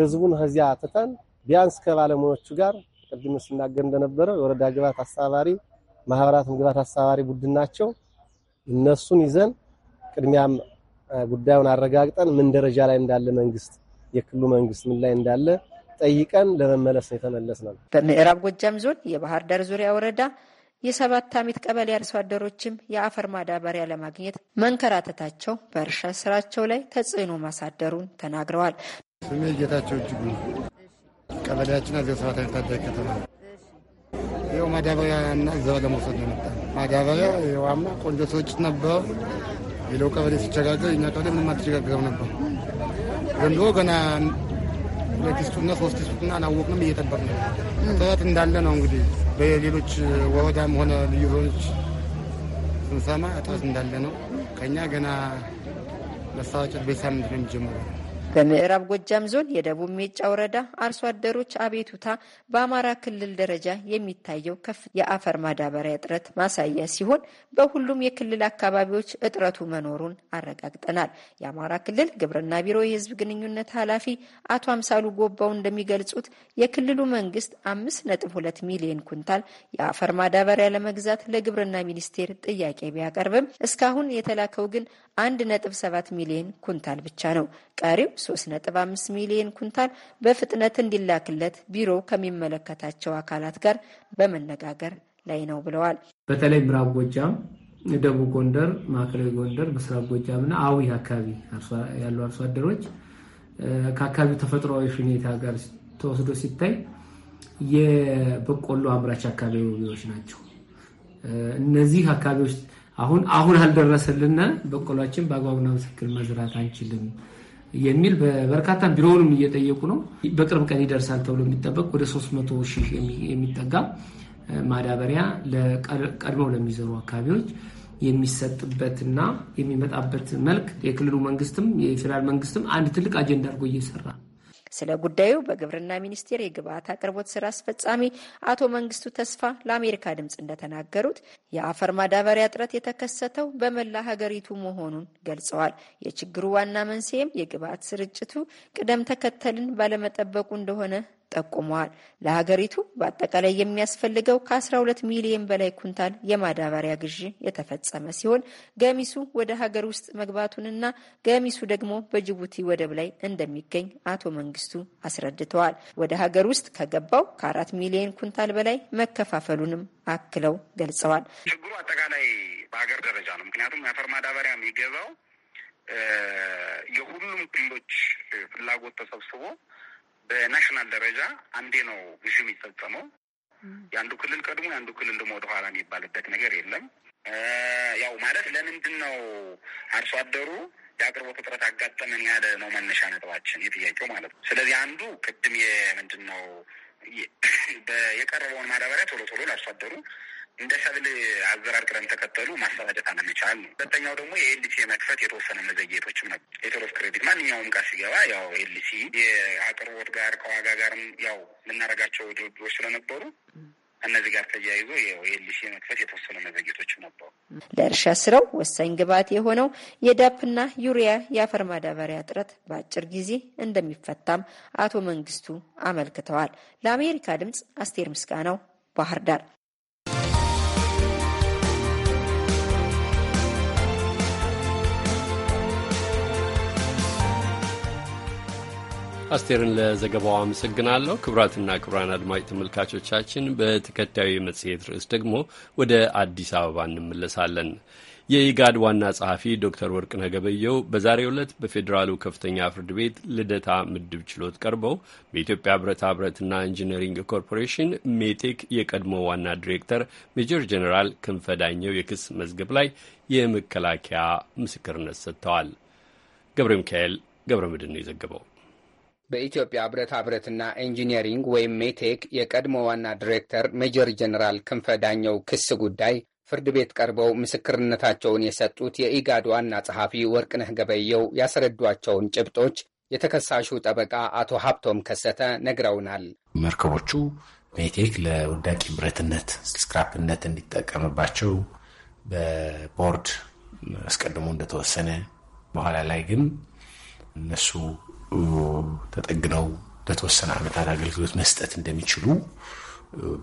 ህዝቡን ከዚያ ትተን ቢያንስ ከባለሙያዎቹ ጋር ቅድም ስናገር እንደነበረው የወረዳ ግባት አስተባባሪ ማህበራትም ግብዓት አስተባባሪ ቡድን ናቸው። እነሱን ይዘን ቅድሚያም ጉዳዩን አረጋግጠን ምን ደረጃ ላይ እንዳለ መንግስት፣ የክልሉ መንግስት ምን ላይ እንዳለ ጠይቀን ለመመለስ ነው የተመለስ ነው። በምዕራብ ጎጃም ዞን የባህር ዳር ዙሪያ ወረዳ የሰባት አሚት ቀበሌ አርሶ አደሮችም የአፈር ማዳበሪያ ለማግኘት መንከራተታቸው በእርሻ ስራቸው ላይ ተጽዕኖ ማሳደሩን ተናግረዋል። ስሜ ጌታቸው እጅጉ ቀበሌያችን አዜብ ሰዓት አይታደግ ከተማ ይኸው ማዳበሪያ እና ዘር ለመውሰድ ነው መጣ። ማዳበሪያ ይኸው አምና ቆንጆ ሰዎች ነበሩ። ሌላው ቀበሌ ሲቸጋገር እኛ ቀበሌ ምንም አልተቸጋገረም ነበር። ዘንድሮ ገና ሁለት ስቱና ሶስት ስቱና አላወቅንም፣ እየጠበቅ ነው። ጥረት እንዳለ ነው እንግዲህ በሌሎች ወረዳም ሆነ ልዩ ዞኖች ስንሰማ እጥረት እንዳለ ነው። ከእኛ ገና መሰራጨት በሳምንት ነው የሚጀምረው። በምዕራብ ጎጃም ዞን የደቡብ ሜጫ ወረዳ አርሶ አደሮች አቤቱታ በአማራ ክልል ደረጃ የሚታየው ከፍ የአፈር ማዳበሪያ እጥረት ማሳያ ሲሆን በሁሉም የክልል አካባቢዎች እጥረቱ መኖሩን አረጋግጠናል። የአማራ ክልል ግብርና ቢሮ የህዝብ ግንኙነት ኃላፊ አቶ አምሳሉ ጎባው እንደሚገልጹት የክልሉ መንግስት አምስት ነጥብ ሁለት ሚሊዮን ኩንታል የአፈር ማዳበሪያ ለመግዛት ለግብርና ሚኒስቴር ጥያቄ ቢያቀርብም እስካሁን የተላከው ግን 1.7 ሚሊዮን ኩንታል ብቻ ነው። ቀሪው 3.5 ሚሊዮን ኩንታል በፍጥነት እንዲላክለት ቢሮ ከሚመለከታቸው አካላት ጋር በመነጋገር ላይ ነው ብለዋል። በተለይ ምዕራብ ጎጃም፣ ደቡብ ጎንደር፣ ማዕከላዊ ጎንደር፣ ምስራብ ጎጃም እና አዊ አካባቢ ያሉ አርሶ አደሮች ከአካባቢው ተፈጥሯዊ ሁኔታ ጋር ተወስዶ ሲታይ የበቆሎ አምራች አካባቢዎች ናቸው። እነዚህ አካባቢዎች አሁን አሁን አልደረሰልን በቆሏችን በአግባቡና በትክክል መዝራት አንችልም የሚል በርካታ ቢሮውንም እየጠየቁ ነው። በቅርብ ቀን ይደርሳል ተብሎ የሚጠበቅ ወደ 300 ሺህ የሚጠጋ ማዳበሪያ ቀድመው ለሚዘሩ አካባቢዎች የሚሰጥበትና የሚመጣበት መልክ የክልሉ መንግስትም የፌዴራል መንግስትም አንድ ትልቅ አጀንዳ አድርጎ እየሰራ ስለ ጉዳዩ በግብርና ሚኒስቴር የግብአት አቅርቦት ስራ አስፈጻሚ አቶ መንግስቱ ተስፋ ለአሜሪካ ድምፅ እንደተናገሩት የአፈር ማዳበሪያ እጥረት የተከሰተው በመላ ሀገሪቱ መሆኑን ገልጸዋል። የችግሩ ዋና መንስኤም የግብአት ስርጭቱ ቅደም ተከተልን ባለመጠበቁ እንደሆነ ጠቁመዋል። ለሀገሪቱ በአጠቃላይ የሚያስፈልገው ከ12 ሚሊዮን በላይ ኩንታል የማዳበሪያ ግዢ የተፈጸመ ሲሆን ገሚሱ ወደ ሀገር ውስጥ መግባቱንና ገሚሱ ደግሞ በጅቡቲ ወደብ ላይ እንደሚገኝ አቶ መንግስቱ አስረድተዋል። ወደ ሀገር ውስጥ ከገባው ከአራት ሚሊዮን ኩንታል በላይ መከፋፈሉንም አክለው ገልጸዋል። ችግሩ አጠቃላይ በሀገር ደረጃ ነው። ምክንያቱም የአፈር ማዳበሪያ የሚገባው የሁሉም ክልሎች ፍላጎት ተሰብስቦ በናሽናል ደረጃ አንዴ ነው ግዥ የሚፈጸመው። የአንዱ ክልል ቀድሞ የአንዱ ክልል ደግሞ ወደኋላ የሚባልበት ነገር የለም። ያው ማለት ለምንድን ነው አርሶ አደሩ የአቅርቦት እጥረት አጋጠመን ያለ ነው መነሻ ነጥባችን የጥያቄው ማለት ነው። ስለዚህ አንዱ ቅድም የምንድን ነው የቀረበውን ማዳበሪያ ቶሎ ቶሎ ለአርሶ አደሩ እንደ ሰብል አዘራር ቅደም ተከተሉ ማሰራጨት አለመቻል ነው። ሁለተኛው ደግሞ የኤልሲ መክፈት የተወሰነ መዘግየቶችም ነበር። ሌተር ኦፍ ክሬዲት ማንኛውም ጋር ሲገባ ያው ኤልሲ የአቅርቦት ጋር ከዋጋ ጋርም ያው የምናደርጋቸው ድርድሮች ስለነበሩ እነዚህ ጋር ተያይዞ የኤልሲ መክፈት የተወሰነ መዘግየቶችም ነበሩ። ለእርሻ ስራው ወሳኝ ግብዓት የሆነው የዳፕና ዩሪያ የአፈር ማዳበሪያ እጥረት በአጭር ጊዜ እንደሚፈታም አቶ መንግስቱ አመልክተዋል። ለአሜሪካ ድምጽ አስቴር ምስጋናው ባህር ዳር አስቴርን ለዘገባው አመሰግናለሁ። ክቡራትና ክቡራን አድማጭ ተመልካቾቻችን በተከታዩ የመጽሔት ርዕስ ደግሞ ወደ አዲስ አበባ እንመለሳለን። የኢጋድ ዋና ጸሐፊ ዶክተር ወርቅነህ ገበየሁ በዛሬው ዕለት በፌዴራሉ ከፍተኛ ፍርድ ቤት ልደታ ምድብ ችሎት ቀርበው በኢትዮጵያ ብረታ ብረትና ኢንጂነሪንግ ኮርፖሬሽን ሜቴክ የቀድሞ ዋና ዲሬክተር ሜጀር ጀኔራል ክንፈ ዳኘው የክስ መዝገብ ላይ የመከላከያ ምስክርነት ሰጥተዋል። ገብረ ሚካኤል ገብረ ምድን ነው የዘገበው። በኢትዮጵያ ብረታ ብረትና ኢንጂነሪንግ ወይም ሜቴክ የቀድሞ ዋና ዲሬክተር ሜጀር ጀነራል ክንፈ ዳኘው ክስ ጉዳይ ፍርድ ቤት ቀርበው ምስክርነታቸውን የሰጡት የኢጋድ ዋና ጸሐፊ ወርቅነህ ገበየው ያስረዷቸውን ጭብጦች የተከሳሹ ጠበቃ አቶ ሀብቶም ከሰተ ነግረውናል። መርከቦቹ ሜቴክ ለውዳቂ ብረትነት ስክራፕነት እንዲጠቀምባቸው በቦርድ አስቀድሞ እንደተወሰነ በኋላ ላይ ግን እነሱ ተጠግነው ለተወሰነ ዓመታት አገልግሎት መስጠት እንደሚችሉ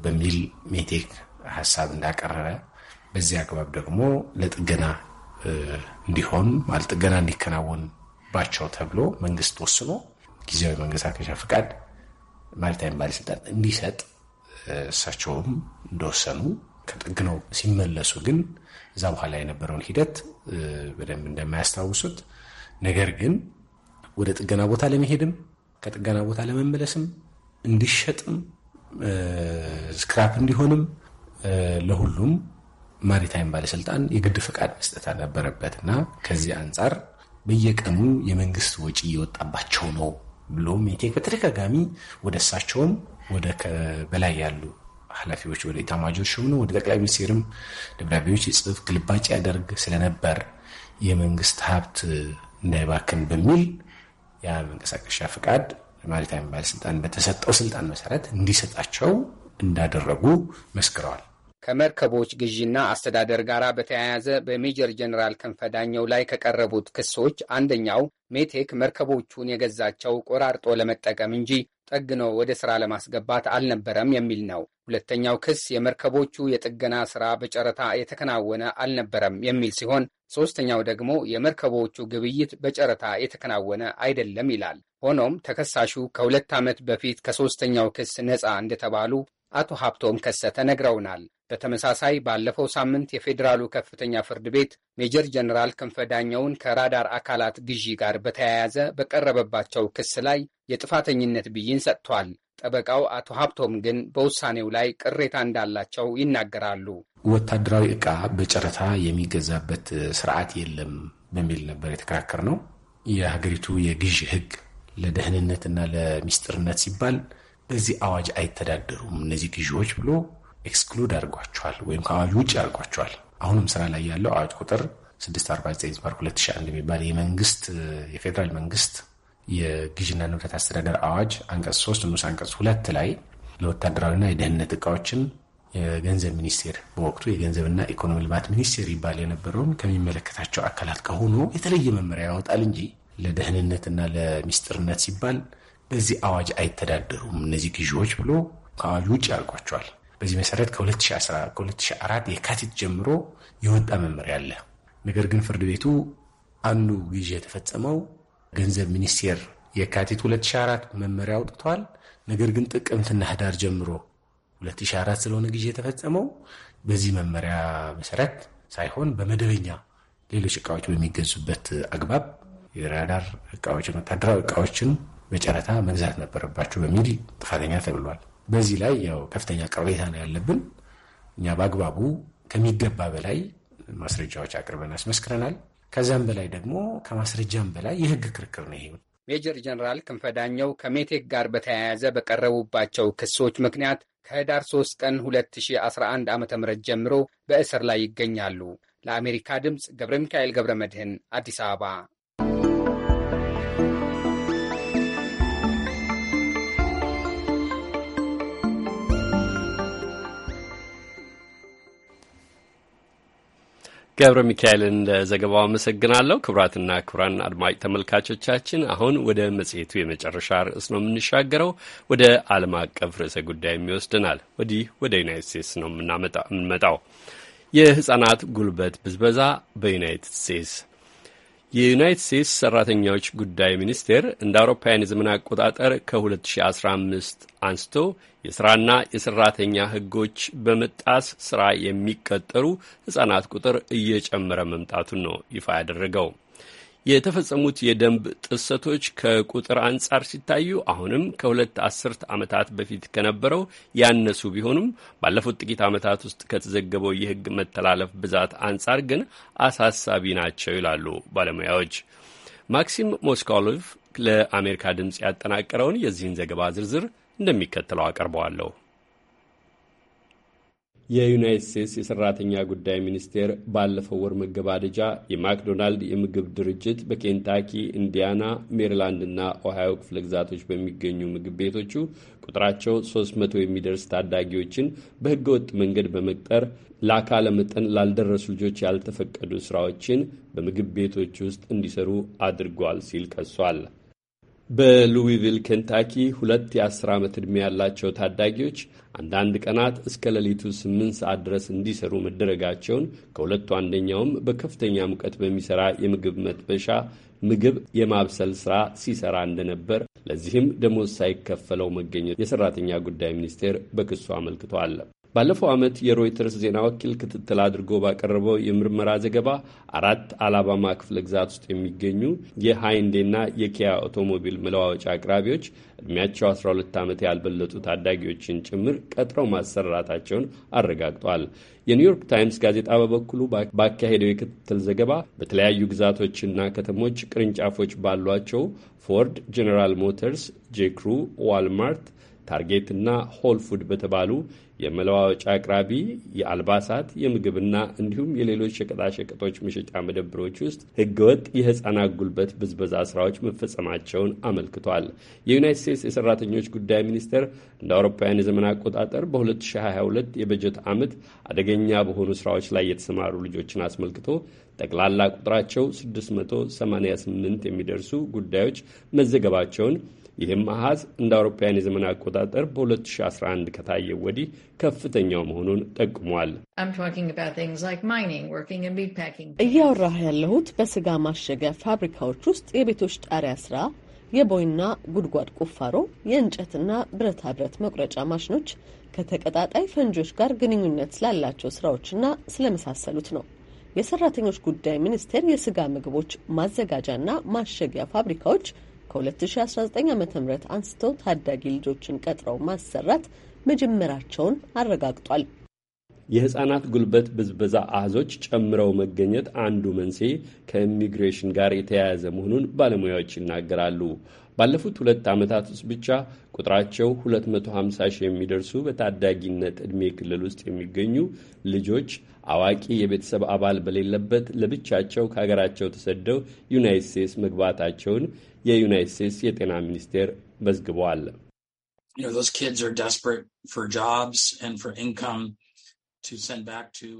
በሚል ሜቴክ ሀሳብ እንዳቀረበ በዚህ አግባብ ደግሞ ለጥገና እንዲሆን ማለት ጥገና እንዲከናወንባቸው ተብሎ መንግስት ወስኖ ጊዜያዊ መንቀሳቀሻ ፍቃድ ማሪታይም ባለስልጣን እንዲሰጥ እሳቸውም እንደወሰኑ ከጠግነው ሲመለሱ ግን እዛ በኋላ የነበረውን ሂደት በደንብ እንደማያስታውሱት ነገር ግን ወደ ጥገና ቦታ ለመሄድም ከጥገና ቦታ ለመመለስም እንዲሸጥም ስክራፕ እንዲሆንም ለሁሉም ማሪታይም ባለስልጣን የግድ ፈቃድ መስጠት አልነበረበት እና ከዚህ አንጻር በየቀኑ የመንግስት ወጪ እየወጣባቸው ነው ብሎ ሜቴክ በተደጋጋሚ ወደ እሳቸውም ወደ በላይ ያሉ ኃላፊዎች ወደ ኢታማጆር ሹም ነው ወደ ጠቅላይ ሚኒስትርም ደብዳቤዎች ይጽፍ ግልባጭ ያደርግ ስለነበር የመንግስት ሀብት እንዳይባክን በሚል የመንቀሳቀሻ ፍቃድ ማሪታይም ባለስልጣን በተሰጠው ስልጣን መሰረት እንዲሰጣቸው እንዳደረጉ መስክረዋል። ከመርከቦች ግዢና አስተዳደር ጋር በተያያዘ በሜጀር ጀኔራል ክንፈ ዳኘው ላይ ከቀረቡት ክሶች አንደኛው ሜቴክ መርከቦቹን የገዛቸው ቆራርጦ ለመጠቀም እንጂ ጠግኖ ወደ ሥራ ለማስገባት አልነበረም የሚል ነው። ሁለተኛው ክስ የመርከቦቹ የጥገና ሥራ በጨረታ የተከናወነ አልነበረም የሚል ሲሆን፣ ሦስተኛው ደግሞ የመርከቦቹ ግብይት በጨረታ የተከናወነ አይደለም ይላል። ሆኖም ተከሳሹ ከሁለት ዓመት በፊት ከሦስተኛው ክስ ነፃ እንደተባሉ አቶ ሀብቶም ከሰተ ነግረውናል። በተመሳሳይ ባለፈው ሳምንት የፌዴራሉ ከፍተኛ ፍርድ ቤት ሜጀር ጀነራል ክንፈዳኛውን ከራዳር አካላት ግዢ ጋር በተያያዘ በቀረበባቸው ክስ ላይ የጥፋተኝነት ብይን ሰጥቷል። ጠበቃው አቶ ሀብቶም ግን በውሳኔው ላይ ቅሬታ እንዳላቸው ይናገራሉ። ወታደራዊ ዕቃ በጨረታ የሚገዛበት ስርዓት የለም በሚል ነበር የተከራከር ነው። የሀገሪቱ የግዢ ሕግ ለደህንነትና ለሚስጥርነት ሲባል በዚህ አዋጅ አይተዳደሩም እነዚህ ግዢዎች ብሎ ኤክስክሉድ አድርጓቸዋል ወይም ከአዋጅ ውጭ አድርጓቸዋል። አሁንም ስራ ላይ ያለው አዋጅ ቁጥር 649/2001 የሚባል የመንግስት የፌዴራል መንግስት የግዥና ንብረት አስተዳደር አዋጅ አንቀጽ 3 ንዑስ አንቀጽ ሁለት ላይ ለወታደራዊና የደህንነት እቃዎችን የገንዘብ ሚኒስቴር በወቅቱ የገንዘብና ኢኮኖሚ ልማት ሚኒስቴር ይባል የነበረውን ከሚመለከታቸው አካላት ከሆኑ የተለየ መመሪያ ያወጣል እንጂ ለደህንነትና ለሚስጥርነት ሲባል በዚህ አዋጅ አይተዳደሩም እነዚህ ግዢዎች ብሎ ከአዋጅ ውጭ ያርጓቸዋል። በዚህ መሰረት ከ2004 የካቲት ጀምሮ የወጣ መመሪያ አለ። ነገር ግን ፍርድ ቤቱ አንዱ ግዢ የተፈጸመው ገንዘብ ሚኒስቴር የካቲት 2004 መመሪያ አውጥቷል። ነገር ግን ጥቅምትና ህዳር ጀምሮ 2004 ስለሆነ ግዢ የተፈጸመው በዚህ መመሪያ መሰረት ሳይሆን በመደበኛ ሌሎች እቃዎች በሚገዙበት አግባብ የራዳር እቃዎችን፣ ወታደራዊ እቃዎችን በጨረታ መግዛት ነበረባቸው በሚል ጥፋተኛ ተብሏል። በዚህ ላይ ያው ከፍተኛ ቅሬታ ነው ያለብን። እኛ በአግባቡ ከሚገባ በላይ ማስረጃዎች አቅርበን አስመስክረናል። ከዚያም በላይ ደግሞ ከማስረጃም በላይ የህግ ክርክር ነው ይሄ። ሜጀር ጀነራል ክንፈዳኘው ከሜቴክ ጋር በተያያዘ በቀረቡባቸው ክሶች ምክንያት ከህዳር 3 ቀን 2011 ዓ ም ጀምሮ በእስር ላይ ይገኛሉ። ለአሜሪካ ድምፅ ገብረ ሚካኤል ገብረ መድህን አዲስ አበባ ገብረ ሚካኤልን ለዘገባው አመሰግናለሁ። ክቡራትና ክቡራን አድማጭ ተመልካቾቻችን አሁን ወደ መጽሔቱ የመጨረሻ ርዕስ ነው የምንሻገረው። ወደ ዓለም አቀፍ ርዕሰ ጉዳይም ይወስደናል። ወዲህ ወደ ዩናይት ስቴትስ ነው የምንመጣው። የህጻናት ጉልበት ብዝበዛ በዩናይትድ ስቴትስ የዩናይት ስቴትስ ሰራተኞች ጉዳይ ሚኒስቴር እንደ አውሮፓውያን የዘመን አቆጣጠር ከ2015 አንስቶ የስራና የሰራተኛ ሕጎች በመጣስ ስራ የሚቀጠሩ ህጻናት ቁጥር እየጨመረ መምጣቱን ነው ይፋ ያደረገው። የተፈጸሙት የደንብ ጥሰቶች ከቁጥር አንጻር ሲታዩ አሁንም ከሁለት አስርት ዓመታት በፊት ከነበረው ያነሱ ቢሆኑም ባለፉት ጥቂት ዓመታት ውስጥ ከተዘገበው የሕግ መተላለፍ ብዛት አንጻር ግን አሳሳቢ ናቸው ይላሉ ባለሙያዎች። ማክሲም ሞስኮሎቭ ለአሜሪካ ድምፅ ያጠናቀረውን የዚህን ዘገባ ዝርዝር እንደሚከተለው አቀርበዋለሁ። የዩናይት ስቴትስ የሰራተኛ ጉዳይ ሚኒስቴር ባለፈው ወር መገባደጃ የማክዶናልድ የምግብ ድርጅት በኬንታኪ፣ ኢንዲያና፣ ሜሪላንድና ኦሃዮ ክፍለ ግዛቶች በሚገኙ ምግብ ቤቶቹ ቁጥራቸው 300 የሚደርስ ታዳጊዎችን በህገወጥ መንገድ በመቅጠር ለአካለ መጠን ላልደረሱ ልጆች ያልተፈቀዱ ስራዎችን በምግብ ቤቶች ውስጥ እንዲሰሩ አድርጓል ሲል ከሷል። በሉዊቪል ኬንታኪ ሁለት የአስር ዓመት ዕድሜ ያላቸው ታዳጊዎች አንዳንድ ቀናት እስከ ሌሊቱ ስምንት ሰዓት ድረስ እንዲሰሩ መደረጋቸውን ከሁለቱ አንደኛውም በከፍተኛ ሙቀት በሚሠራ የምግብ መጥበሻ ምግብ የማብሰል ሥራ ሲሠራ እንደነበር ለዚህም ደሞዝ ሳይከፈለው መገኘት የሠራተኛ ጉዳይ ሚኒስቴር በክሱ አመልክቷል። ባለፈው ዓመት የሮይተርስ ዜና ወኪል ክትትል አድርጎ ባቀረበው የምርመራ ዘገባ አራት አላባማ ክፍለ ግዛት ውስጥ የሚገኙ የሃይንዴና የኪያ አውቶሞቢል መለዋወጫ አቅራቢዎች እድሜያቸው 12 ዓመት ያልበለጡ ታዳጊዎችን ጭምር ቀጥረው ማሰራታቸውን አረጋግጧል። የኒውዮርክ ታይምስ ጋዜጣ በበኩሉ ባካሄደው የክትትል ዘገባ በተለያዩ ግዛቶችና ከተሞች ቅርንጫፎች ባሏቸው ፎርድ፣ ጄኔራል ሞተርስ፣ ጄክሩ፣ ዋልማርት ታርጌት ሆል ፉድ በተባሉ የመለዋወጫ አቅራቢ፣ የአልባሳት የምግብና እንዲሁም የሌሎች ሸቀጣሸቀጦች መሸጫ መደብሮች ውስጥ ህገወጥ የህፃናት ጉልበት ብዝበዛ ስራዎች መፈጸማቸውን አመልክቷል። የዩናይት ስቴትስ የሰራተኞች ጉዳይ ሚኒስቴር እንደ አውሮፓውያን የዘመን አቆጣጠር በ2022 የበጀት ዓመት አደገኛ በሆኑ ስራዎች ላይ የተሰማሩ ልጆችን አስመልክቶ ጠቅላላ ቁጥራቸው 688 የሚደርሱ ጉዳዮች መዘገባቸውን ይህም አሃዝ እንደ አውሮፓውያን የዘመን አቆጣጠር በ2011 ከታየ ወዲህ ከፍተኛው መሆኑን ጠቁሟል። እያወራህ ያለሁት በስጋ ማሸጊያ ፋብሪካዎች ውስጥ የቤቶች ጣሪያ ስራ፣ የቦይና ጉድጓድ ቁፋሮ፣ የእንጨትና ብረታ ብረት መቁረጫ ማሽኖች ከተቀጣጣይ ፈንጆች ጋር ግንኙነት ስላላቸው ስራዎችና ስለመሳሰሉት ነው። የሰራተኞች ጉዳይ ሚኒስቴር የስጋ ምግቦች ማዘጋጃና ማሸጊያ ፋብሪካዎች ከ2019 ዓ ም አንስተው ታዳጊ ልጆችን ቀጥረው ማሰራት መጀመራቸውን አረጋግጧል። የህጻናት ጉልበት ብዝበዛ አህዞች ጨምረው መገኘት አንዱ መንስኤ ከኢሚግሬሽን ጋር የተያያዘ መሆኑን ባለሙያዎች ይናገራሉ። ባለፉት ሁለት ዓመታት ውስጥ ብቻ ቁጥራቸው 250 ሺህ የሚደርሱ በታዳጊነት ዕድሜ ክልል ውስጥ የሚገኙ ልጆች አዋቂ የቤተሰብ አባል በሌለበት ለብቻቸው ከሀገራቸው ተሰደው ዩናይት ስቴትስ መግባታቸውን የዩናይት ስቴትስ የጤና ሚኒስቴር መዝግበዋል። uh,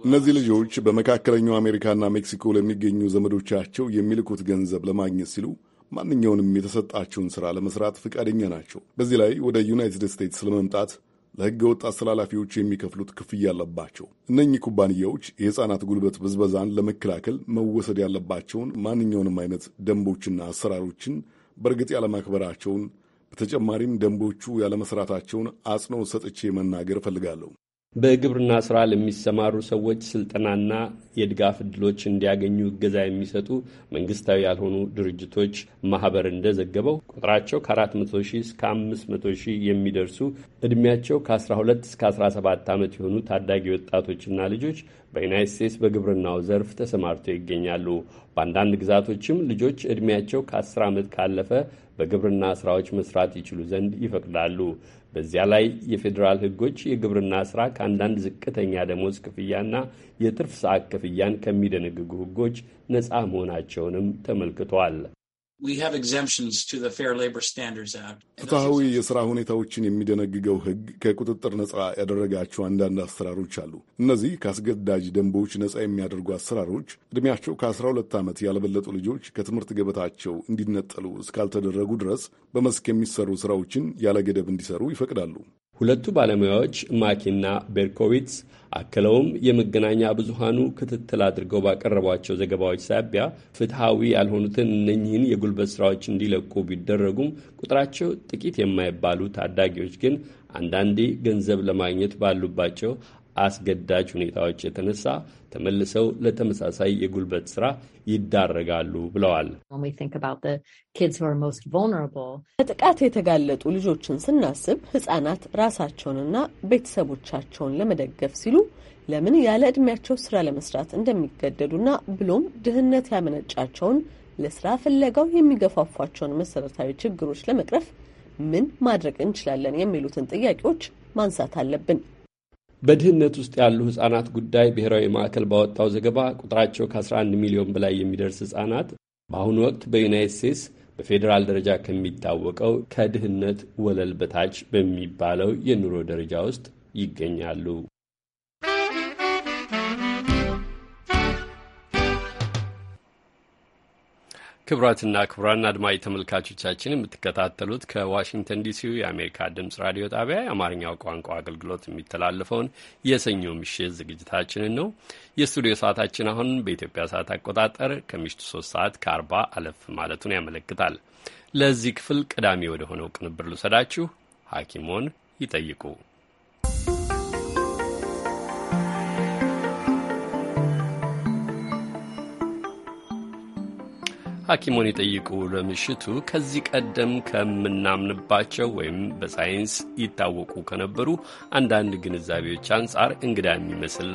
እነዚህ ልጆች በመካከለኛው አሜሪካና ሜክሲኮ ለሚገኙ ዘመዶቻቸው የሚልኩት ገንዘብ ለማግኘት ሲሉ ማንኛውንም የተሰጣቸውን ሥራ ለመስራት ፈቃደኛ ናቸው። በዚህ ላይ ወደ ዩናይትድ ስቴትስ ለመምጣት ለሕገ ወጥ አስተላላፊዎች የሚከፍሉት ክፍያ አለባቸው። እነኚህ ኩባንያዎች የሕፃናት ጉልበት ብዝበዛን ለመከላከል መወሰድ ያለባቸውን ማንኛውንም አይነት ደንቦችና አሰራሮችን በእርግጥ ያለማክበራቸውን በተጨማሪም ደንቦቹ ያለመስራታቸውን አጽንኦት ሰጥቼ መናገር እፈልጋለሁ። በግብርና ስራ ለሚሰማሩ ሰዎች ስልጠናና የድጋፍ እድሎች እንዲያገኙ እገዛ የሚሰጡ መንግስታዊ ያልሆኑ ድርጅቶች ማህበር እንደዘገበው ቁጥራቸው ከ400 ሺህ እስከ 500 ሺህ የሚደርሱ እድሜያቸው ከ12 እስከ 17 ዓመት የሆኑ ታዳጊ ወጣቶችና ልጆች በዩናይት ስቴትስ በግብርናው ዘርፍ ተሰማርተው ይገኛሉ። በአንዳንድ ግዛቶችም ልጆች እድሜያቸው ከ10 ዓመት ካለፈ በግብርና ስራዎች መስራት ይችሉ ዘንድ ይፈቅዳሉ። በዚያ ላይ የፌዴራል ህጎች የግብርና ስራ ከአንዳንድ ዝቅተኛ ደሞዝ ክፍያና የትርፍ ሰዓት ክፍያን ከሚደነግጉ ህጎች ነፃ መሆናቸውንም ተመልክቷል። ፍትሐዊ የሥራ ሁኔታዎችን የሚደነግገው ሕግ ከቁጥጥር ነጻ ያደረጋቸው አንዳንድ አሰራሮች አሉ። እነዚህ ከአስገዳጅ ደንቦች ነጻ የሚያደርጉ አሰራሮች ዕድሜያቸው ከ12 ዓመት ያልበለጡ ልጆች ከትምህርት ገበታቸው እንዲነጠሉ እስካልተደረጉ ድረስ በመስክ የሚሰሩ ሥራዎችን ያለ ገደብ እንዲሰሩ ይፈቅዳሉ። ሁለቱ ባለሙያዎች ማኪና ቤርኮዊትስ አክለውም የመገናኛ ብዙሃኑ ክትትል አድርገው ባቀረቧቸው ዘገባዎች ሳቢያ ፍትሐዊ ያልሆኑትን እነኚህን የጉልበት ስራዎች እንዲለቁ ቢደረጉም ቁጥራቸው ጥቂት የማይባሉ ታዳጊዎች ግን አንዳንዴ ገንዘብ ለማግኘት ባሉባቸው አስገዳጅ ሁኔታዎች የተነሳ ተመልሰው ለተመሳሳይ የጉልበት ስራ ይዳረጋሉ ብለዋል። ለጥቃት የተጋለጡ ልጆችን ስናስብ ህጻናት ራሳቸውንና ቤተሰቦቻቸውን ለመደገፍ ሲሉ ለምን ያለ ዕድሜያቸው ስራ ለመስራት እንደሚገደዱና ብሎም ድህነት ያመነጫቸውን ለስራ ፍለጋው የሚገፋፏቸውን መሰረታዊ ችግሮች ለመቅረፍ ምን ማድረግ እንችላለን የሚሉትን ጥያቄዎች ማንሳት አለብን። በድህነት ውስጥ ያሉ ህጻናት ጉዳይ ብሔራዊ ማዕከል ባወጣው ዘገባ ቁጥራቸው ከ11 ሚሊዮን በላይ የሚደርስ ህጻናት በአሁኑ ወቅት በዩናይት ስቴትስ በፌዴራል ደረጃ ከሚታወቀው ከድህነት ወለል በታች በሚባለው የኑሮ ደረጃ ውስጥ ይገኛሉ። ክቡራትና ክቡራን አድማጭ ተመልካቾቻችን የምትከታተሉት ከዋሽንግተን ዲሲው የአሜሪካ ድምጽ ራዲዮ ጣቢያ የአማርኛው ቋንቋ አገልግሎት የሚተላለፈውን የሰኞ ምሽት ዝግጅታችንን ነው። የስቱዲዮ ሰዓታችን አሁን በኢትዮጵያ ሰዓት አቆጣጠር ከምሽቱ ሶስት ሰዓት ከአርባ አለፍ ማለቱን ያመለክታል። ለዚህ ክፍል ቅዳሜ ወደ ሆነው ቅንብር ልውሰዳችሁ። ሐኪሞን ይጠይቁ ሐኪሙን ይጠይቁ ለምሽቱ ከዚህ ቀደም ከምናምንባቸው ወይም በሳይንስ ይታወቁ ከነበሩ አንዳንድ ግንዛቤዎች አንጻር እንግዳ የሚመስል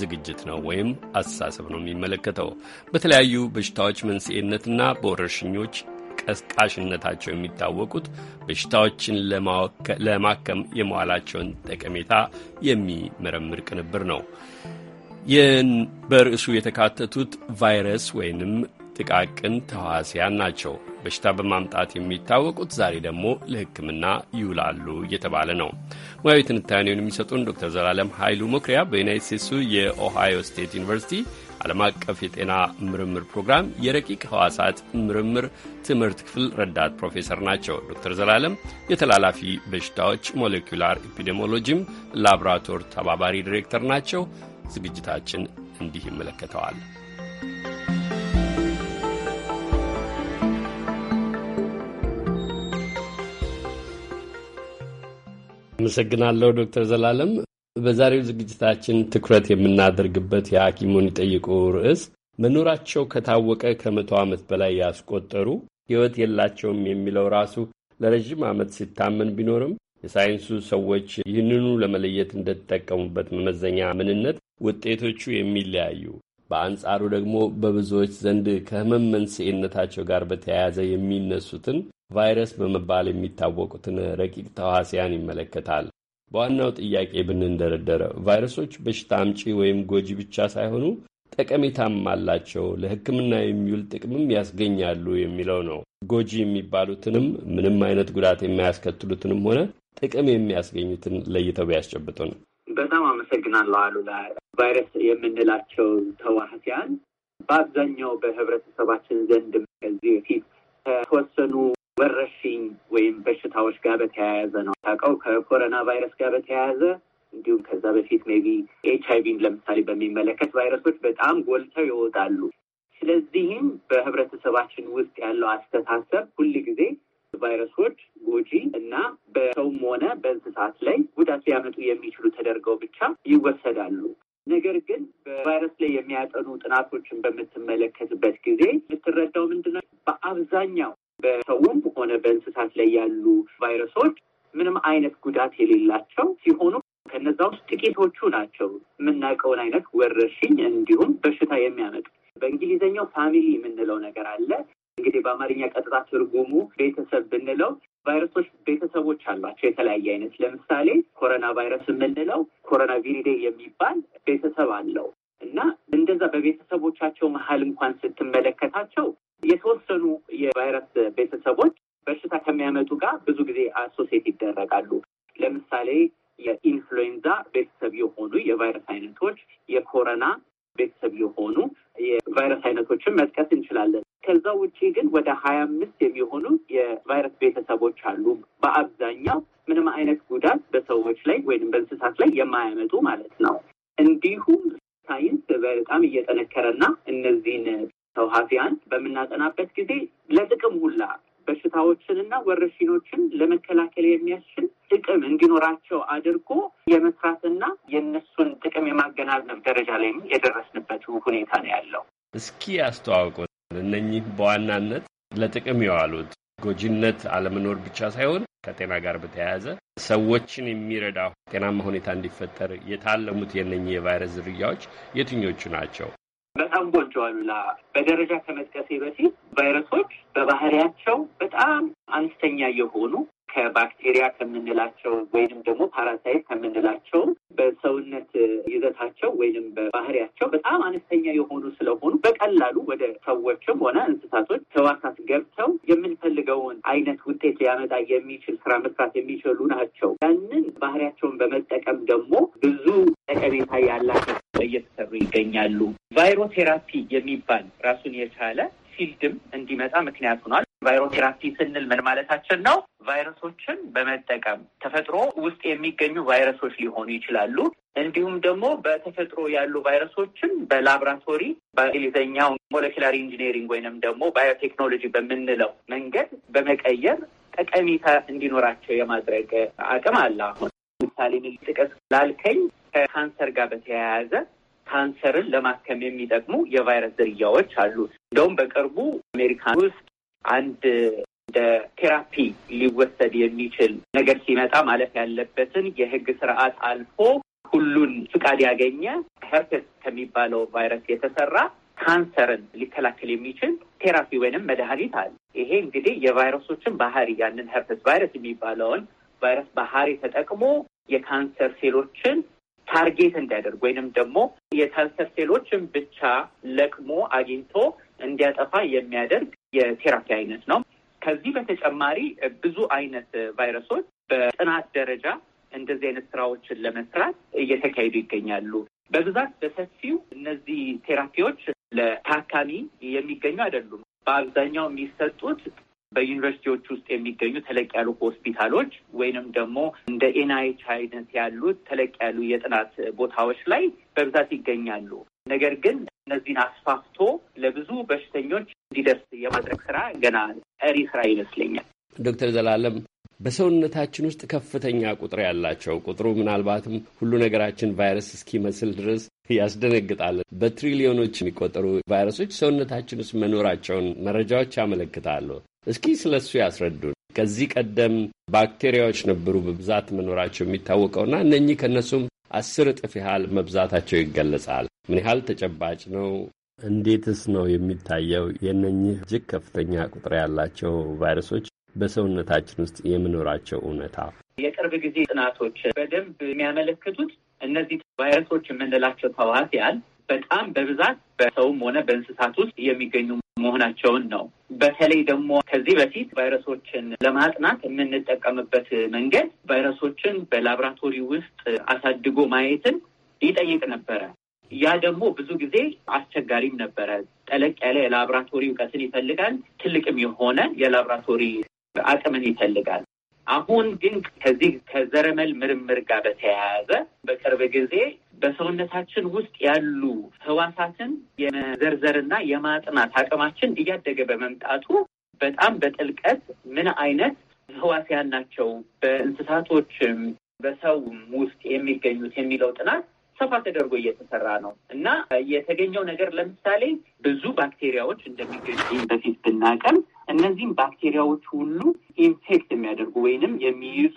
ዝግጅት ነው ወይም አስተሳሰብ ነው የሚመለከተው። በተለያዩ በሽታዎች መንስኤነትና በወረርሽኞች ቀስቃሽነታቸው የሚታወቁት በሽታዎችን ለማከም የመዋላቸውን ጠቀሜታ የሚመረምር ቅንብር ነው። በርዕሱ የተካተቱት ቫይረስ ወይንም ጥቃቅን ተዋሲያን ናቸው። በሽታ በማምጣት የሚታወቁት ዛሬ ደግሞ ለሕክምና ይውላሉ እየተባለ ነው። ሙያዊ ትንታኔውን የሚሰጡን ዶክተር ዘላለም ኃይሉ መኩሪያ በዩናይት ስቴትሱ የኦሃዮ ስቴት ዩኒቨርሲቲ ዓለም አቀፍ የጤና ምርምር ፕሮግራም የረቂቅ ህዋሳት ምርምር ትምህርት ክፍል ረዳት ፕሮፌሰር ናቸው። ዶክተር ዘላለም የተላላፊ በሽታዎች ሞሌኩላር ኢፒዴሞሎጂም ላብራቶር ተባባሪ ዲሬክተር ናቸው። ዝግጅታችን እንዲህ ይመለከተዋል። አመሰግናለሁ ዶክተር ዘላለም። በዛሬው ዝግጅታችን ትኩረት የምናደርግበት የሐኪሙን ይጠይቁ ርዕስ መኖራቸው ከታወቀ ከመቶ ዓመት በላይ ያስቆጠሩ ሕይወት የላቸውም የሚለው ራሱ ለረዥም ዓመት ሲታመን ቢኖርም የሳይንሱ ሰዎች ይህንኑ ለመለየት እንደተጠቀሙበት መመዘኛ ምንነት ውጤቶቹ የሚለያዩ በአንጻሩ ደግሞ በብዙዎች ዘንድ ከህመም መንስኤነታቸው ጋር በተያያዘ የሚነሱትን ቫይረስ በመባል የሚታወቁትን ረቂቅ ተዋሲያን ይመለከታል። በዋናው ጥያቄ ብንንደረደረ ቫይረሶች በሽታ አምጪ ወይም ጎጂ ብቻ ሳይሆኑ ጠቀሜታም አላቸው፣ ለሕክምና የሚውል ጥቅምም ያስገኛሉ የሚለው ነው። ጎጂ የሚባሉትንም ምንም አይነት ጉዳት የማያስከትሉትንም ሆነ ጥቅም የሚያስገኙትን ለይተው ያስጨብጡን። በጣም አመሰግናለሁ አሉላ። ቫይረስ የምንላቸው ተዋህሲያን በአብዛኛው በህብረተሰባችን ዘንድ ከዚህ በፊት ከተወሰኑ ወረርሽኝ ወይም በሽታዎች ጋር በተያያዘ ነው ታውቀው ከኮሮና ቫይረስ ጋር በተያያዘ እንዲሁም ከዛ በፊት ቢ ኤች አይቪን ለምሳሌ በሚመለከት ቫይረሶች በጣም ጎልተው ይወጣሉ። ስለዚህም በህብረተሰባችን ውስጥ ያለው አስተሳሰብ ሁል ጊዜ ቫይረሶች ጎጂ እና በሰውም ሆነ በእንስሳት ላይ ጉዳት ሊያመጡ የሚችሉ ተደርገው ብቻ ይወሰዳሉ። ነገር ግን በቫይረስ ላይ የሚያጠኑ ጥናቶችን በምትመለከትበት ጊዜ የምትረዳው ምንድነው? በአብዛኛው በሰውም ሆነ በእንስሳት ላይ ያሉ ቫይረሶች ምንም አይነት ጉዳት የሌላቸው ሲሆኑ ከነዛ ውስጥ ጥቂቶቹ ናቸው የምናውቀውን አይነት ወረርሽኝ እንዲሁም በሽታ የሚያመጡ። በእንግሊዝኛው ፋሚሊ የምንለው ነገር አለ። እንግዲህ በአማርኛ ቀጥታ ትርጉሙ ቤተሰብ ብንለው ቫይረሶች ቤተሰቦች አሏቸው የተለያየ አይነት። ለምሳሌ ኮሮና ቫይረስ የምንለው ኮሮና ቪሪዴ የሚባል ቤተሰብ አለው እና እንደዛ በቤተሰቦቻቸው መሀል እንኳን ስትመለከታቸው የተወሰኑ የቫይረስ ቤተሰቦች በሽታ ከሚያመጡ ጋር ብዙ ጊዜ አሶሴት ይደረጋሉ። ለምሳሌ የኢንፍሉዌንዛ ቤተሰብ የሆኑ የቫይረስ አይነቶች፣ የኮረና ቤተሰብ የሆኑ የቫይረስ አይነቶችን መጥቀስ እንችላለን። ከዛ ውጪ ግን ወደ ሀያ አምስት የሚሆኑ የቫይረስ ቤተሰቦች አሉ። በአብዛኛው ምንም አይነት ጉዳት በሰዎች ላይ ወይም በእንስሳት ላይ የማያመጡ ማለት ነው። እንዲሁም ሳይንስ በጣም እየጠነከረና እነዚህን ተውሀፊያን በምናጠናበት ጊዜ ለጥቅም ሁላ በሽታዎችንና እና ለመከላከል የሚያስችል ጥቅም እንዲኖራቸው አድርጎ የመስራትና የእነሱን ጥቅም የማገናዘብ ደረጃ ላይም የደረስንበት ሁኔታ ነው ያለው። እስኪ አስተዋውቁ እነኚህ በዋናነት ለጥቅም የዋሉት ጎጂነት አለመኖር ብቻ ሳይሆን ከጤና ጋር በተያያዘ ሰዎችን የሚረዳ ጤናማ ሁኔታ እንዲፈጠር የታለሙት የነኚህ የቫይረስ ዝርያዎች የትኞቹ ናቸው? በጣም ጎጆ አሉላ። በደረጃ ከመጥቀሴ በፊት ቫይረሶች በባህሪያቸው በጣም አነስተኛ የሆኑ ከባክቴሪያ ከምንላቸው ወይንም ደግሞ ፓራሳይት ከምንላቸው በሰውነት ይዘታቸው ወይንም በባህሪያቸው በጣም አነስተኛ የሆኑ ስለሆኑ በቀላሉ ወደ ሰዎችም ሆነ እንስሳቶች ህዋሳት ገብተው የምንፈልገውን አይነት ውጤት ሊያመጣ የሚችል ስራ መስራት የሚችሉ ናቸው። ያንን ባህሪያቸውን በመጠቀም ደግሞ ብዙ ጠቀሜታ ያላቸው እየተሰሩ ይገኛሉ። ቫይሮቴራፒ የሚባል ራሱን የቻለ ፊልድም እንዲመጣ ምክንያት ሆኗል። ቫይሮቴራፒ ስንል ምን ማለታችን ነው? ቫይረሶችን በመጠቀም ተፈጥሮ ውስጥ የሚገኙ ቫይረሶች ሊሆኑ ይችላሉ። እንዲሁም ደግሞ በተፈጥሮ ያሉ ቫይረሶችን በላብራቶሪ በእንግሊዝኛው ሞለኪላር ኢንጂነሪንግ ወይንም ደግሞ ባዮቴክኖሎጂ በምንለው መንገድ በመቀየር ጠቀሜታ እንዲኖራቸው የማድረግ አቅም አለ። አሁን ምሳሌ ጥቀስ ላልከኝ ከካንሰር ጋር በተያያዘ ካንሰርን ለማከም የሚጠቅሙ የቫይረስ ዝርያዎች አሉ። እንደውም በቅርቡ አሜሪካን ውስጥ አንድ እንደ ቴራፒ ሊወሰድ የሚችል ነገር ሲመጣ ማለፍ ያለበትን የህግ ስርዓት አልፎ ሁሉን ፍቃድ ያገኘ ሄርፕስ ከሚባለው ቫይረስ የተሰራ ካንሰርን ሊከላከል የሚችል ቴራፒ ወይንም መድኃኒት አለ። ይሄ እንግዲህ የቫይረሶችን ባህሪ ያንን ሄርፕስ ቫይረስ የሚባለውን ቫይረስ ባህሪ ተጠቅሞ የካንሰር ሴሎችን ታርጌት እንዲያደርግ ወይንም ደግሞ የካንሰር ሴሎችን ብቻ ለቅሞ አግኝቶ እንዲያጠፋ የሚያደርግ የቴራፒ አይነት ነው። ከዚህ በተጨማሪ ብዙ አይነት ቫይረሶች በጥናት ደረጃ እንደዚህ አይነት ስራዎችን ለመስራት እየተካሄዱ ይገኛሉ። በብዛት በሰፊው እነዚህ ቴራፒዎች ለታካሚ የሚገኙ አይደሉም። በአብዛኛው የሚሰጡት በዩኒቨርሲቲዎች ውስጥ የሚገኙ ተለቅ ያሉ ሆስፒታሎች ወይንም ደግሞ እንደ ኤንአይች አይነት ያሉት ተለቅ ያሉ የጥናት ቦታዎች ላይ በብዛት ይገኛሉ። ነገር ግን እነዚህን አስፋፍቶ ለብዙ በሽተኞች እንዲደርስ የማድረግ ስራ ገና ቀሪ ስራ ይመስለኛል። ዶክተር ዘላለም በሰውነታችን ውስጥ ከፍተኛ ቁጥር ያላቸው ቁጥሩ ምናልባትም ሁሉ ነገራችን ቫይረስ እስኪመስል ድረስ ያስደነግጣል። በትሪሊዮኖች የሚቆጠሩ ቫይረሶች ሰውነታችን ውስጥ መኖራቸውን መረጃዎች ያመለክታሉ። እስኪ ስለ እሱ ያስረዱን። ከዚህ ቀደም ባክቴሪያዎች ነበሩ በብዛት መኖራቸው የሚታወቀውና እነኚህ ከእነሱም አስር እጥፍ ያህል መብዛታቸው ይገለጻል። ምን ያህል ተጨባጭ ነው? እንዴትስ ነው የሚታየው? የእነኚህ እጅግ ከፍተኛ ቁጥር ያላቸው ቫይረሶች በሰውነታችን ውስጥ የምኖራቸው እውነታ የቅርብ ጊዜ ጥናቶች በደንብ የሚያመለክቱት እነዚህ ቫይረሶች የምንላቸው ተዋሲያን በጣም በብዛት በሰውም ሆነ በእንስሳት ውስጥ የሚገኙ መሆናቸውን ነው። በተለይ ደግሞ ከዚህ በፊት ቫይረሶችን ለማጥናት የምንጠቀምበት መንገድ ቫይረሶችን በላብራቶሪ ውስጥ አሳድጎ ማየትን ይጠይቅ ነበረ። ያ ደግሞ ብዙ ጊዜ አስቸጋሪም ነበረ። ጠለቅ ያለ የላብራቶሪ እውቀትን ይፈልጋል። ትልቅም የሆነ የላብራቶሪ አቅምን ይፈልጋል። አሁን ግን ከዚህ ከዘረመል ምርምር ጋር በተያያዘ በቅርብ ጊዜ በሰውነታችን ውስጥ ያሉ ህዋሳትን የመዘርዘርና የማጥናት አቅማችን እያደገ በመምጣቱ በጣም በጥልቀት ምን አይነት ህዋስያን ናቸው በእንስሳቶችም በሰውም ውስጥ የሚገኙት የሚለው ጥናት ሰፋ ተደርጎ እየተሰራ ነው እና የተገኘው ነገር ለምሳሌ ብዙ ባክቴሪያዎች እንደሚገኙ በፊት ብናቀም እነዚህም ባክቴሪያዎች ሁሉ ኢንፌክት የሚያደርጉ ወይንም የሚይዙ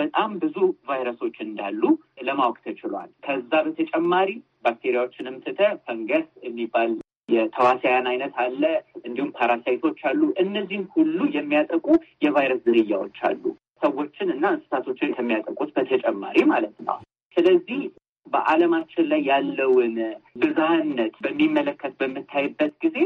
በጣም ብዙ ቫይረሶች እንዳሉ ለማወቅ ተችሏል። ከዛ በተጨማሪ ባክቴሪያዎችንም ትተ ፈንገስ የሚባል የተዋሳያን አይነት አለ። እንዲሁም ፓራሳይቶች አሉ። እነዚህም ሁሉ የሚያጠቁ የቫይረስ ዝርያዎች አሉ፣ ሰዎችን እና እንስሳቶችን ከሚያጠቁት በተጨማሪ ማለት ነው። ስለዚህ በዓለማችን ላይ ያለውን ብዝሃነት በሚመለከት በምታይበት ጊዜ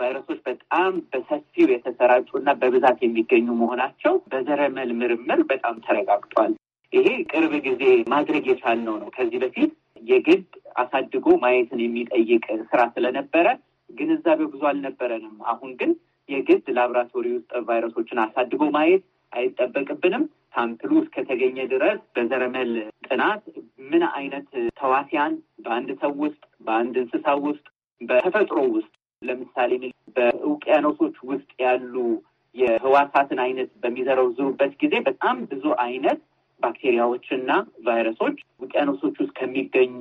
ቫይረሶች በጣም በሰፊው የተሰራጩ እና በብዛት የሚገኙ መሆናቸው በዘረመል ምርምር በጣም ተረጋግጧል። ይሄ ቅርብ ጊዜ ማድረግ የቻልነው ነው። ከዚህ በፊት የግድ አሳድጎ ማየትን የሚጠይቅ ስራ ስለነበረ ግንዛቤው ብዙ አልነበረንም። አሁን ግን የግድ ላብራቶሪ ውስጥ ቫይረሶችን አሳድጎ ማየት አይጠበቅብንም። ሳምፕሉ እስከተገኘ ድረስ በዘረመል ጥናት ምን አይነት ተዋሲያን በአንድ ሰው ውስጥ፣ በአንድ እንስሳ ውስጥ፣ በተፈጥሮ ውስጥ ለምሳሌ በውቅያኖሶች ውስጥ ያሉ የህዋሳትን አይነት በሚዘረዝሩበት ጊዜ በጣም ብዙ አይነት ባክቴሪያዎች እና ቫይረሶች ውቅያኖሶች ውስጥ ከሚገኙ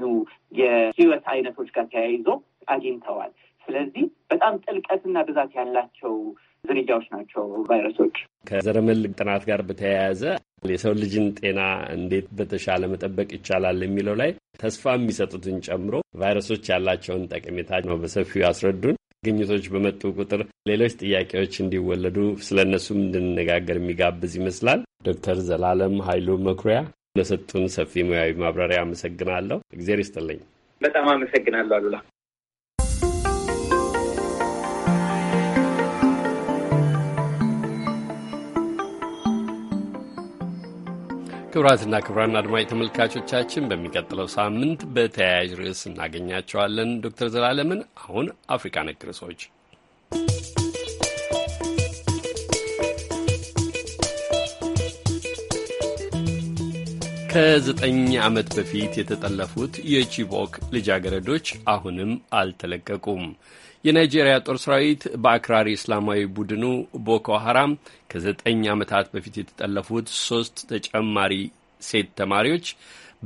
የህይወት አይነቶች ጋር ተያይዞ አግኝተዋል። ስለዚህ በጣም ጥልቀትና ብዛት ያላቸው ዝርያዎች ናቸው ቫይረሶች። ከዘረመል ጥናት ጋር በተያያዘ የሰው ልጅን ጤና እንዴት በተሻለ መጠበቅ ይቻላል የሚለው ላይ ተስፋ የሚሰጡትን ጨምሮ ቫይረሶች ያላቸውን ጠቀሜታ ነው በሰፊው ያስረዱን። ግኝቶች በመጡ ቁጥር ሌሎች ጥያቄዎች እንዲወለዱ ስለ እነሱም እንድንነጋገር የሚጋብዝ ይመስላል። ዶክተር ዘላለም ኃይሉ መኩሪያ ለሰጡን ሰፊ ሙያዊ ማብራሪያ አመሰግናለሁ። እግዜር ይስጥልኝ። በጣም አመሰግናለሁ አሉላ። ክብራትና ክብራን አድማጭ ተመልካቾቻችን በሚቀጥለው ሳምንት በተያያዥ ርዕስ እናገኛቸዋለን ዶክተር ዘላለምን። አሁን አፍሪካ ነክ ርዕሶች ከዘጠኝ ዓመት በፊት የተጠለፉት የቺቦክ ልጃገረዶች አሁንም አልተለቀቁም። የናይጄሪያ ጦር ሰራዊት በአክራሪ እስላማዊ ቡድኑ ቦኮ ሀራም ከዘጠኝ ዓመታት በፊት የተጠለፉት ሶስት ተጨማሪ ሴት ተማሪዎች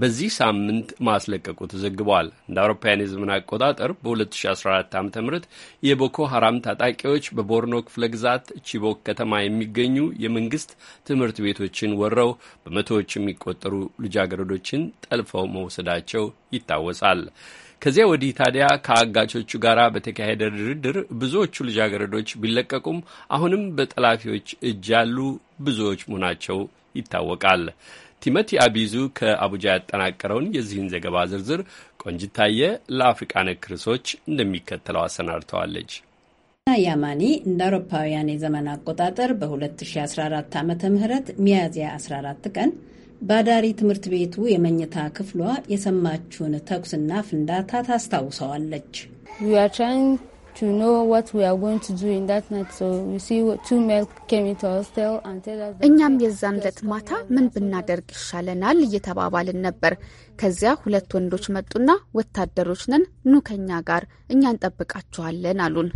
በዚህ ሳምንት ማስለቀቁ ተዘግበዋል። እንደ አውሮፓውያን የዘመን አቆጣጠር በ2014 ዓ ም የቦኮ ሀራም ታጣቂዎች በቦርኖ ክፍለ ግዛት ቺቦክ ከተማ የሚገኙ የመንግስት ትምህርት ቤቶችን ወረው በመቶዎች የሚቆጠሩ ልጃገረዶችን ጠልፈው መውሰዳቸው ይታወሳል። ከዚያ ወዲህ ታዲያ ከአጋቾቹ ጋር በተካሄደ ድርድር ብዙዎቹ ልጃገረዶች ቢለቀቁም አሁንም በጠላፊዎች እጅ ያሉ ብዙዎች መሆናቸው ይታወቃል። ቲሞቲ አቢዙ ከአቡጃ ያጠናቀረውን የዚህን ዘገባ ዝርዝር ቆንጅታየ ለአፍሪቃ ነክ ርዕሶች እንደሚከተለው አሰናድተዋለች። ያማኒ እንደ አውሮፓውያን የዘመን አቆጣጠር በ2014 ዓ ም ሚያዝያ 14 ቀን ባዳሪ ትምህርት ቤቱ የመኝታ ክፍሏ የሰማችውን ተኩስና ፍንዳታ ታስታውሰዋለች። እኛም የዛን ዕለት ማታ ምን ብናደርግ ይሻለናል እየተባባልን ነበር። ከዚያ ሁለት ወንዶች መጡና ወታደሮች ነን፣ ኑ ከኛ ጋር እኛ እንጠብቃችኋለን አሉን።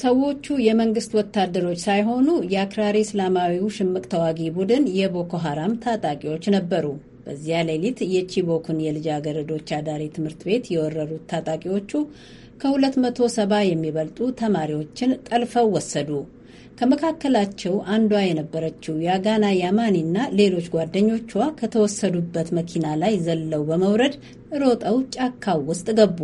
ሰዎቹ የመንግስት ወታደሮች ሳይሆኑ የአክራሪ እስላማዊው ሽምቅ ተዋጊ ቡድን የቦኮ ሐራም ታጣቂዎች ነበሩ። በዚያ ሌሊት የቺቦኩን የልጃገረዶች አዳሪ ትምህርት ቤት የወረሩት ታጣቂዎቹ ከ270 የሚበልጡ ተማሪዎችን ጠልፈው ወሰዱ። ከመካከላቸው አንዷ የነበረችው የአጋና ያማኒና ሌሎች ጓደኞቿ ከተወሰዱበት መኪና ላይ ዘለው በመውረድ ሮጠው ጫካው ውስጥ ገቡ።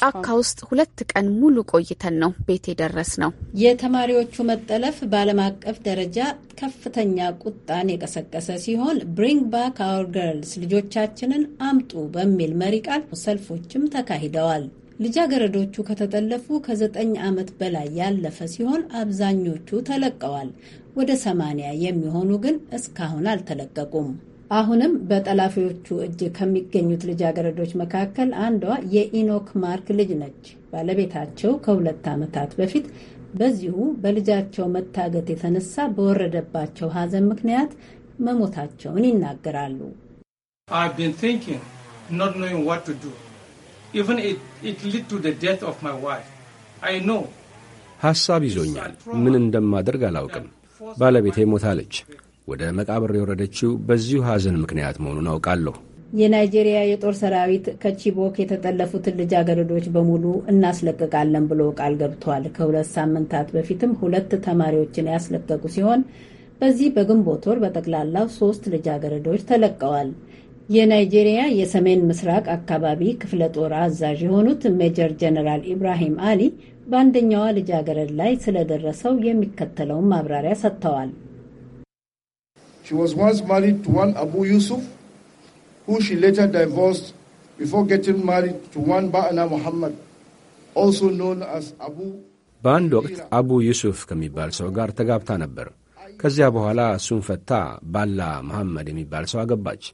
ጫካ ውስጥ ሁለት ቀን ሙሉ ቆይተን ነው ቤት የደረስ ነው። የተማሪዎቹ መጠለፍ በዓለም አቀፍ ደረጃ ከፍተኛ ቁጣን የቀሰቀሰ ሲሆን ብሪንግ ባክ አወር ገርልስ ልጆቻችንን አምጡ በሚል መሪ ቃል ሰልፎችም ተካሂደዋል። ልጃገረዶቹ ከተጠለፉ ከዘጠኝ ዓመት በላይ ያለፈ ሲሆን አብዛኞቹ ተለቀዋል። ወደ ሰማንያ የሚሆኑ ግን እስካሁን አልተለቀቁም። አሁንም በጠላፊዎቹ እጅ ከሚገኙት ልጃገረዶች መካከል አንዷ የኢኖክ ማርክ ልጅ ነች። ባለቤታቸው ከሁለት ዓመታት በፊት በዚሁ በልጃቸው መታገት የተነሳ በወረደባቸው ሐዘን ምክንያት መሞታቸውን ይናገራሉ። ሐሳብ ይዞኛል። ምን እንደማደርግ አላውቅም። ባለቤቴ ሞታለች። ወደ መቃብር የወረደችው በዚሁ ሐዘን ምክንያት መሆኑን አውቃለሁ። የናይጄሪያ የጦር ሰራዊት ከቺቦክ የተጠለፉትን ልጃገረዶች በሙሉ እናስለቅቃለን ብሎ ቃል ገብቷል። ከሁለት ሳምንታት በፊትም ሁለት ተማሪዎችን ያስለቀቁ ሲሆን በዚህ በግንቦት ወር በጠቅላላው ሶስት ልጃገረዶች ተለቀዋል። የናይጄሪያ የሰሜን ምስራቅ አካባቢ ክፍለ ጦር አዛዥ የሆኑት ሜጀር ጀነራል ኢብራሂም አሊ በአንደኛዋ ልጃገረድ ላይ ስለደረሰው የሚከተለውን ማብራሪያ ሰጥተዋል። She was once married to one Abu Yusuf, who she later divorced before getting married to one Ba'ana Muhammad, also known as Abu በአንድ ወቅት አቡ ዩሱፍ ከሚባል ሰው ጋር ተጋብታ ነበር። ከዚያ በኋላ እሱን ፈታ ባላ መሐመድ የሚባል ሰው አገባች።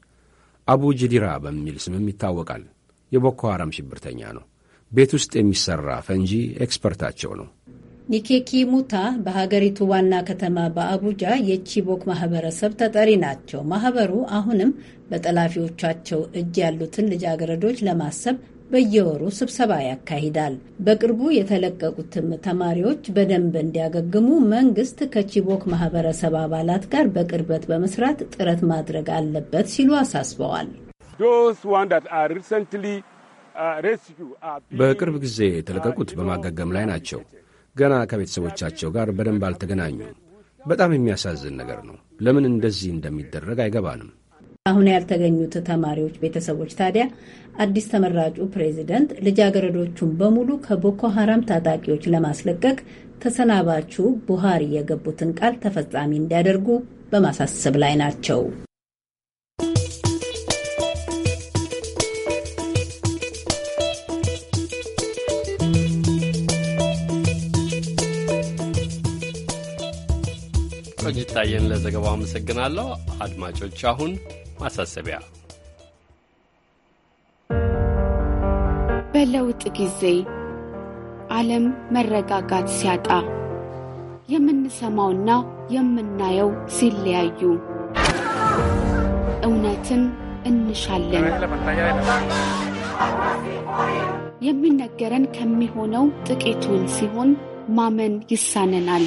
አቡ ጅዲራ በሚል ስምም ይታወቃል። የቦኮ ሐራም ሽብርተኛ ነው። ቤት ውስጥ የሚሠራ ፈንጂ ኤክስፐርታቸው ነው። ኒኬኪ ሙታ በሀገሪቱ ዋና ከተማ በአቡጃ የቺቦክ ማህበረሰብ ተጠሪ ናቸው። ማህበሩ አሁንም በጠላፊዎቻቸው እጅ ያሉትን ልጃገረዶች ለማሰብ በየወሩ ስብሰባ ያካሂዳል። በቅርቡ የተለቀቁትም ተማሪዎች በደንብ እንዲያገግሙ መንግስት ከቺቦክ ማህበረሰብ አባላት ጋር በቅርበት በመስራት ጥረት ማድረግ አለበት ሲሉ አሳስበዋል። uh, በቅርብ ጊዜ የተለቀቁት በማገገም ላይ ናቸው። ገና ከቤተሰቦቻቸው ጋር በደንብ አልተገናኙም። በጣም የሚያሳዝን ነገር ነው። ለምን እንደዚህ እንደሚደረግ አይገባንም። አሁን ያልተገኙት ተማሪዎች ቤተሰቦች ታዲያ አዲስ ተመራጩ ፕሬዚደንት ልጃገረዶቹን በሙሉ ከቦኮ ሀራም ታጣቂዎች ለማስለቀቅ ተሰናባቹ ቡሃሪ የገቡትን ቃል ተፈጻሚ እንዲያደርጉ በማሳሰብ ላይ ናቸው። ቆንጅት ታየን ለዘገባው አመሰግናለሁ። አድማጮች አሁን ማሳሰቢያ በለውጥ ጊዜ ዓለም መረጋጋት ሲያጣ የምንሰማውና የምናየው ሲለያዩ እውነትን እንሻለን። የሚነገረን ከሚሆነው ጥቂቱን ሲሆን ማመን ይሳነናል።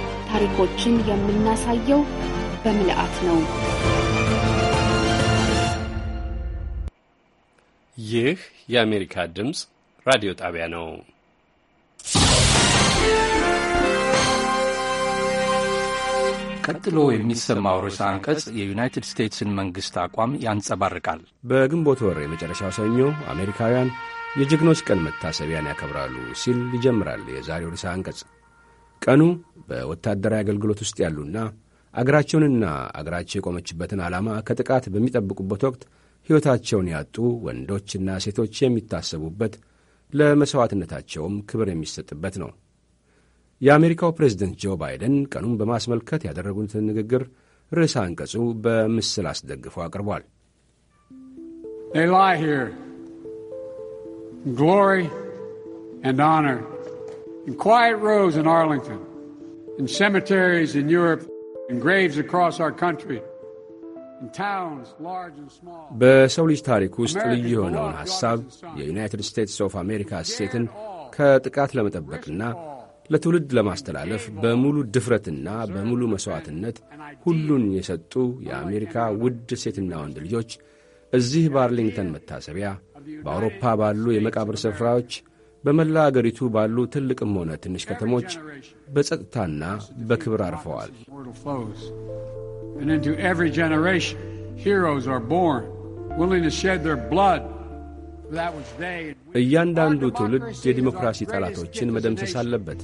ታሪኮችን የምናሳየው በምልአት ነው። ይህ የአሜሪካ ድምፅ ራዲዮ ጣቢያ ነው። ቀጥሎ የሚሰማው ርዕሰ አንቀጽ የዩናይትድ ስቴትስን መንግሥት አቋም ያንጸባርቃል። በግንቦት ወር የመጨረሻው ሰኞ አሜሪካውያን የጀግኖች ቀን መታሰቢያን ያከብራሉ ሲል ይጀምራል የዛሬው ርዕሰ አንቀጽ። ቀኑ በወታደራዊ አገልግሎት ውስጥ ያሉና አገራቸውንና አገራቸው የቆመችበትን ዓላማ ከጥቃት በሚጠብቁበት ወቅት ሕይወታቸውን ያጡ ወንዶችና ሴቶች የሚታሰቡበት ለመሥዋዕትነታቸውም ክብር የሚሰጥበት ነው። የአሜሪካው ፕሬዝደንት ጆ ባይደን ቀኑን በማስመልከት ያደረጉትን ንግግር ርዕሰ አንቀጹ በምስል አስደግፎ አቅርቧል። ግሎሪ ኤንድ ኦነር ኢን ኳየት ሮውዝ ኢን in cemeteries in Europe, in graves across our country. በሰው ልጅ ታሪክ ውስጥ ልዩ የሆነውን ሐሳብ የዩናይትድ ስቴትስ ኦፍ አሜሪካ እሴትን ከጥቃት ለመጠበቅና ለትውልድ ለማስተላለፍ በሙሉ ድፍረትና በሙሉ መሥዋዕትነት ሁሉን የሰጡ የአሜሪካ ውድ ሴትና ወንድ ልጆች እዚህ በአርሊንግተን መታሰቢያ፣ በአውሮፓ ባሉ የመቃብር ስፍራዎች በመላ አገሪቱ ባሉ ትልቅም ሆነ ትንሽ ከተሞች በጸጥታና በክብር አርፈዋል። እያንዳንዱ ትውልድ የዲሞክራሲ ጠላቶችን መደምሰስ አለበት።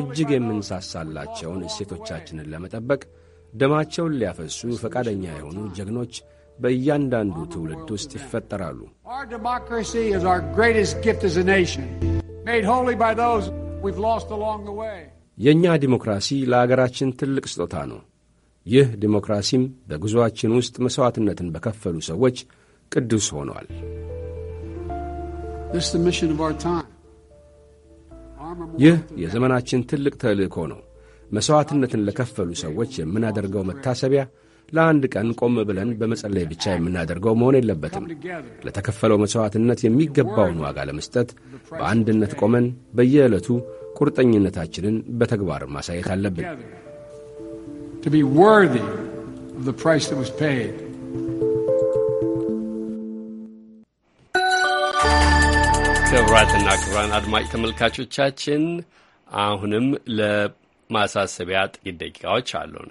እጅግ የምንሳሳላቸውን እሴቶቻችንን ለመጠበቅ ደማቸውን ሊያፈሱ ፈቃደኛ የሆኑ ጀግኖች በእያንዳንዱ ትውልድ ውስጥ ይፈጠራሉ። የእኛ ዲሞክራሲ ለአገራችን ትልቅ ስጦታ ነው። ይህ ዲሞክራሲም በጉዞአችን ውስጥ መሥዋዕትነትን በከፈሉ ሰዎች ቅዱስ ሆኗል። ይህ የዘመናችን ትልቅ ተልእኮ ነው። መሥዋዕትነትን ለከፈሉ ሰዎች የምናደርገው መታሰቢያ ለአንድ ቀን ቆም ብለን በመጸለይ ብቻ የምናደርገው መሆን የለበትም። ለተከፈለው መሥዋዕትነት የሚገባውን ዋጋ ለመስጠት በአንድነት ቆመን በየዕለቱ ቁርጠኝነታችንን በተግባር ማሳየት አለብን። ክቡራትና ክቡራን አድማጭ ተመልካቾቻችን አሁንም ለማሳሰቢያ ጥቂት ደቂቃዎች አሉን።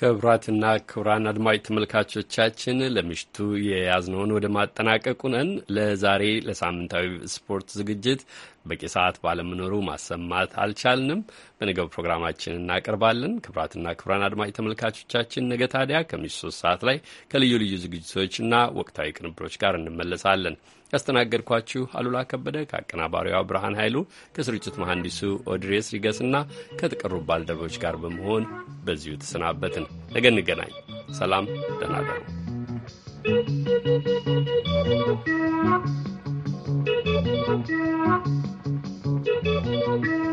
ክቡራትና ክቡራን አድማጭ ተመልካቾቻችን ለምሽቱ የያዝነውን ወደ ማጠናቀቁ ነን። ለዛሬ ለሳምንታዊ ስፖርት ዝግጅት በቂ ሰዓት ባለመኖሩ ማሰማት አልቻልንም። በነገው ፕሮግራማችን እናቀርባለን። ክቡራትና ክቡራን አድማጭ ተመልካቾቻችን ነገ ታዲያ ከምሽቱ ሶስት ሰዓት ላይ ከልዩ ልዩ ዝግጅቶችና ወቅታዊ ቅንብሮች ጋር እንመለሳለን። ያስተናገድኳችሁ አሉላ ከበደ ከአቀናባሪዋ ብርሃን ኃይሉ ከስርጭት መሐንዲሱ ኦድሬስ ሪገስና ከተቀሩ ባልደረቦች ጋር በመሆን በዚሁ ተሰናበትን። ነገ እንገናኝ። ሰላም፣ ደህና እደሩ።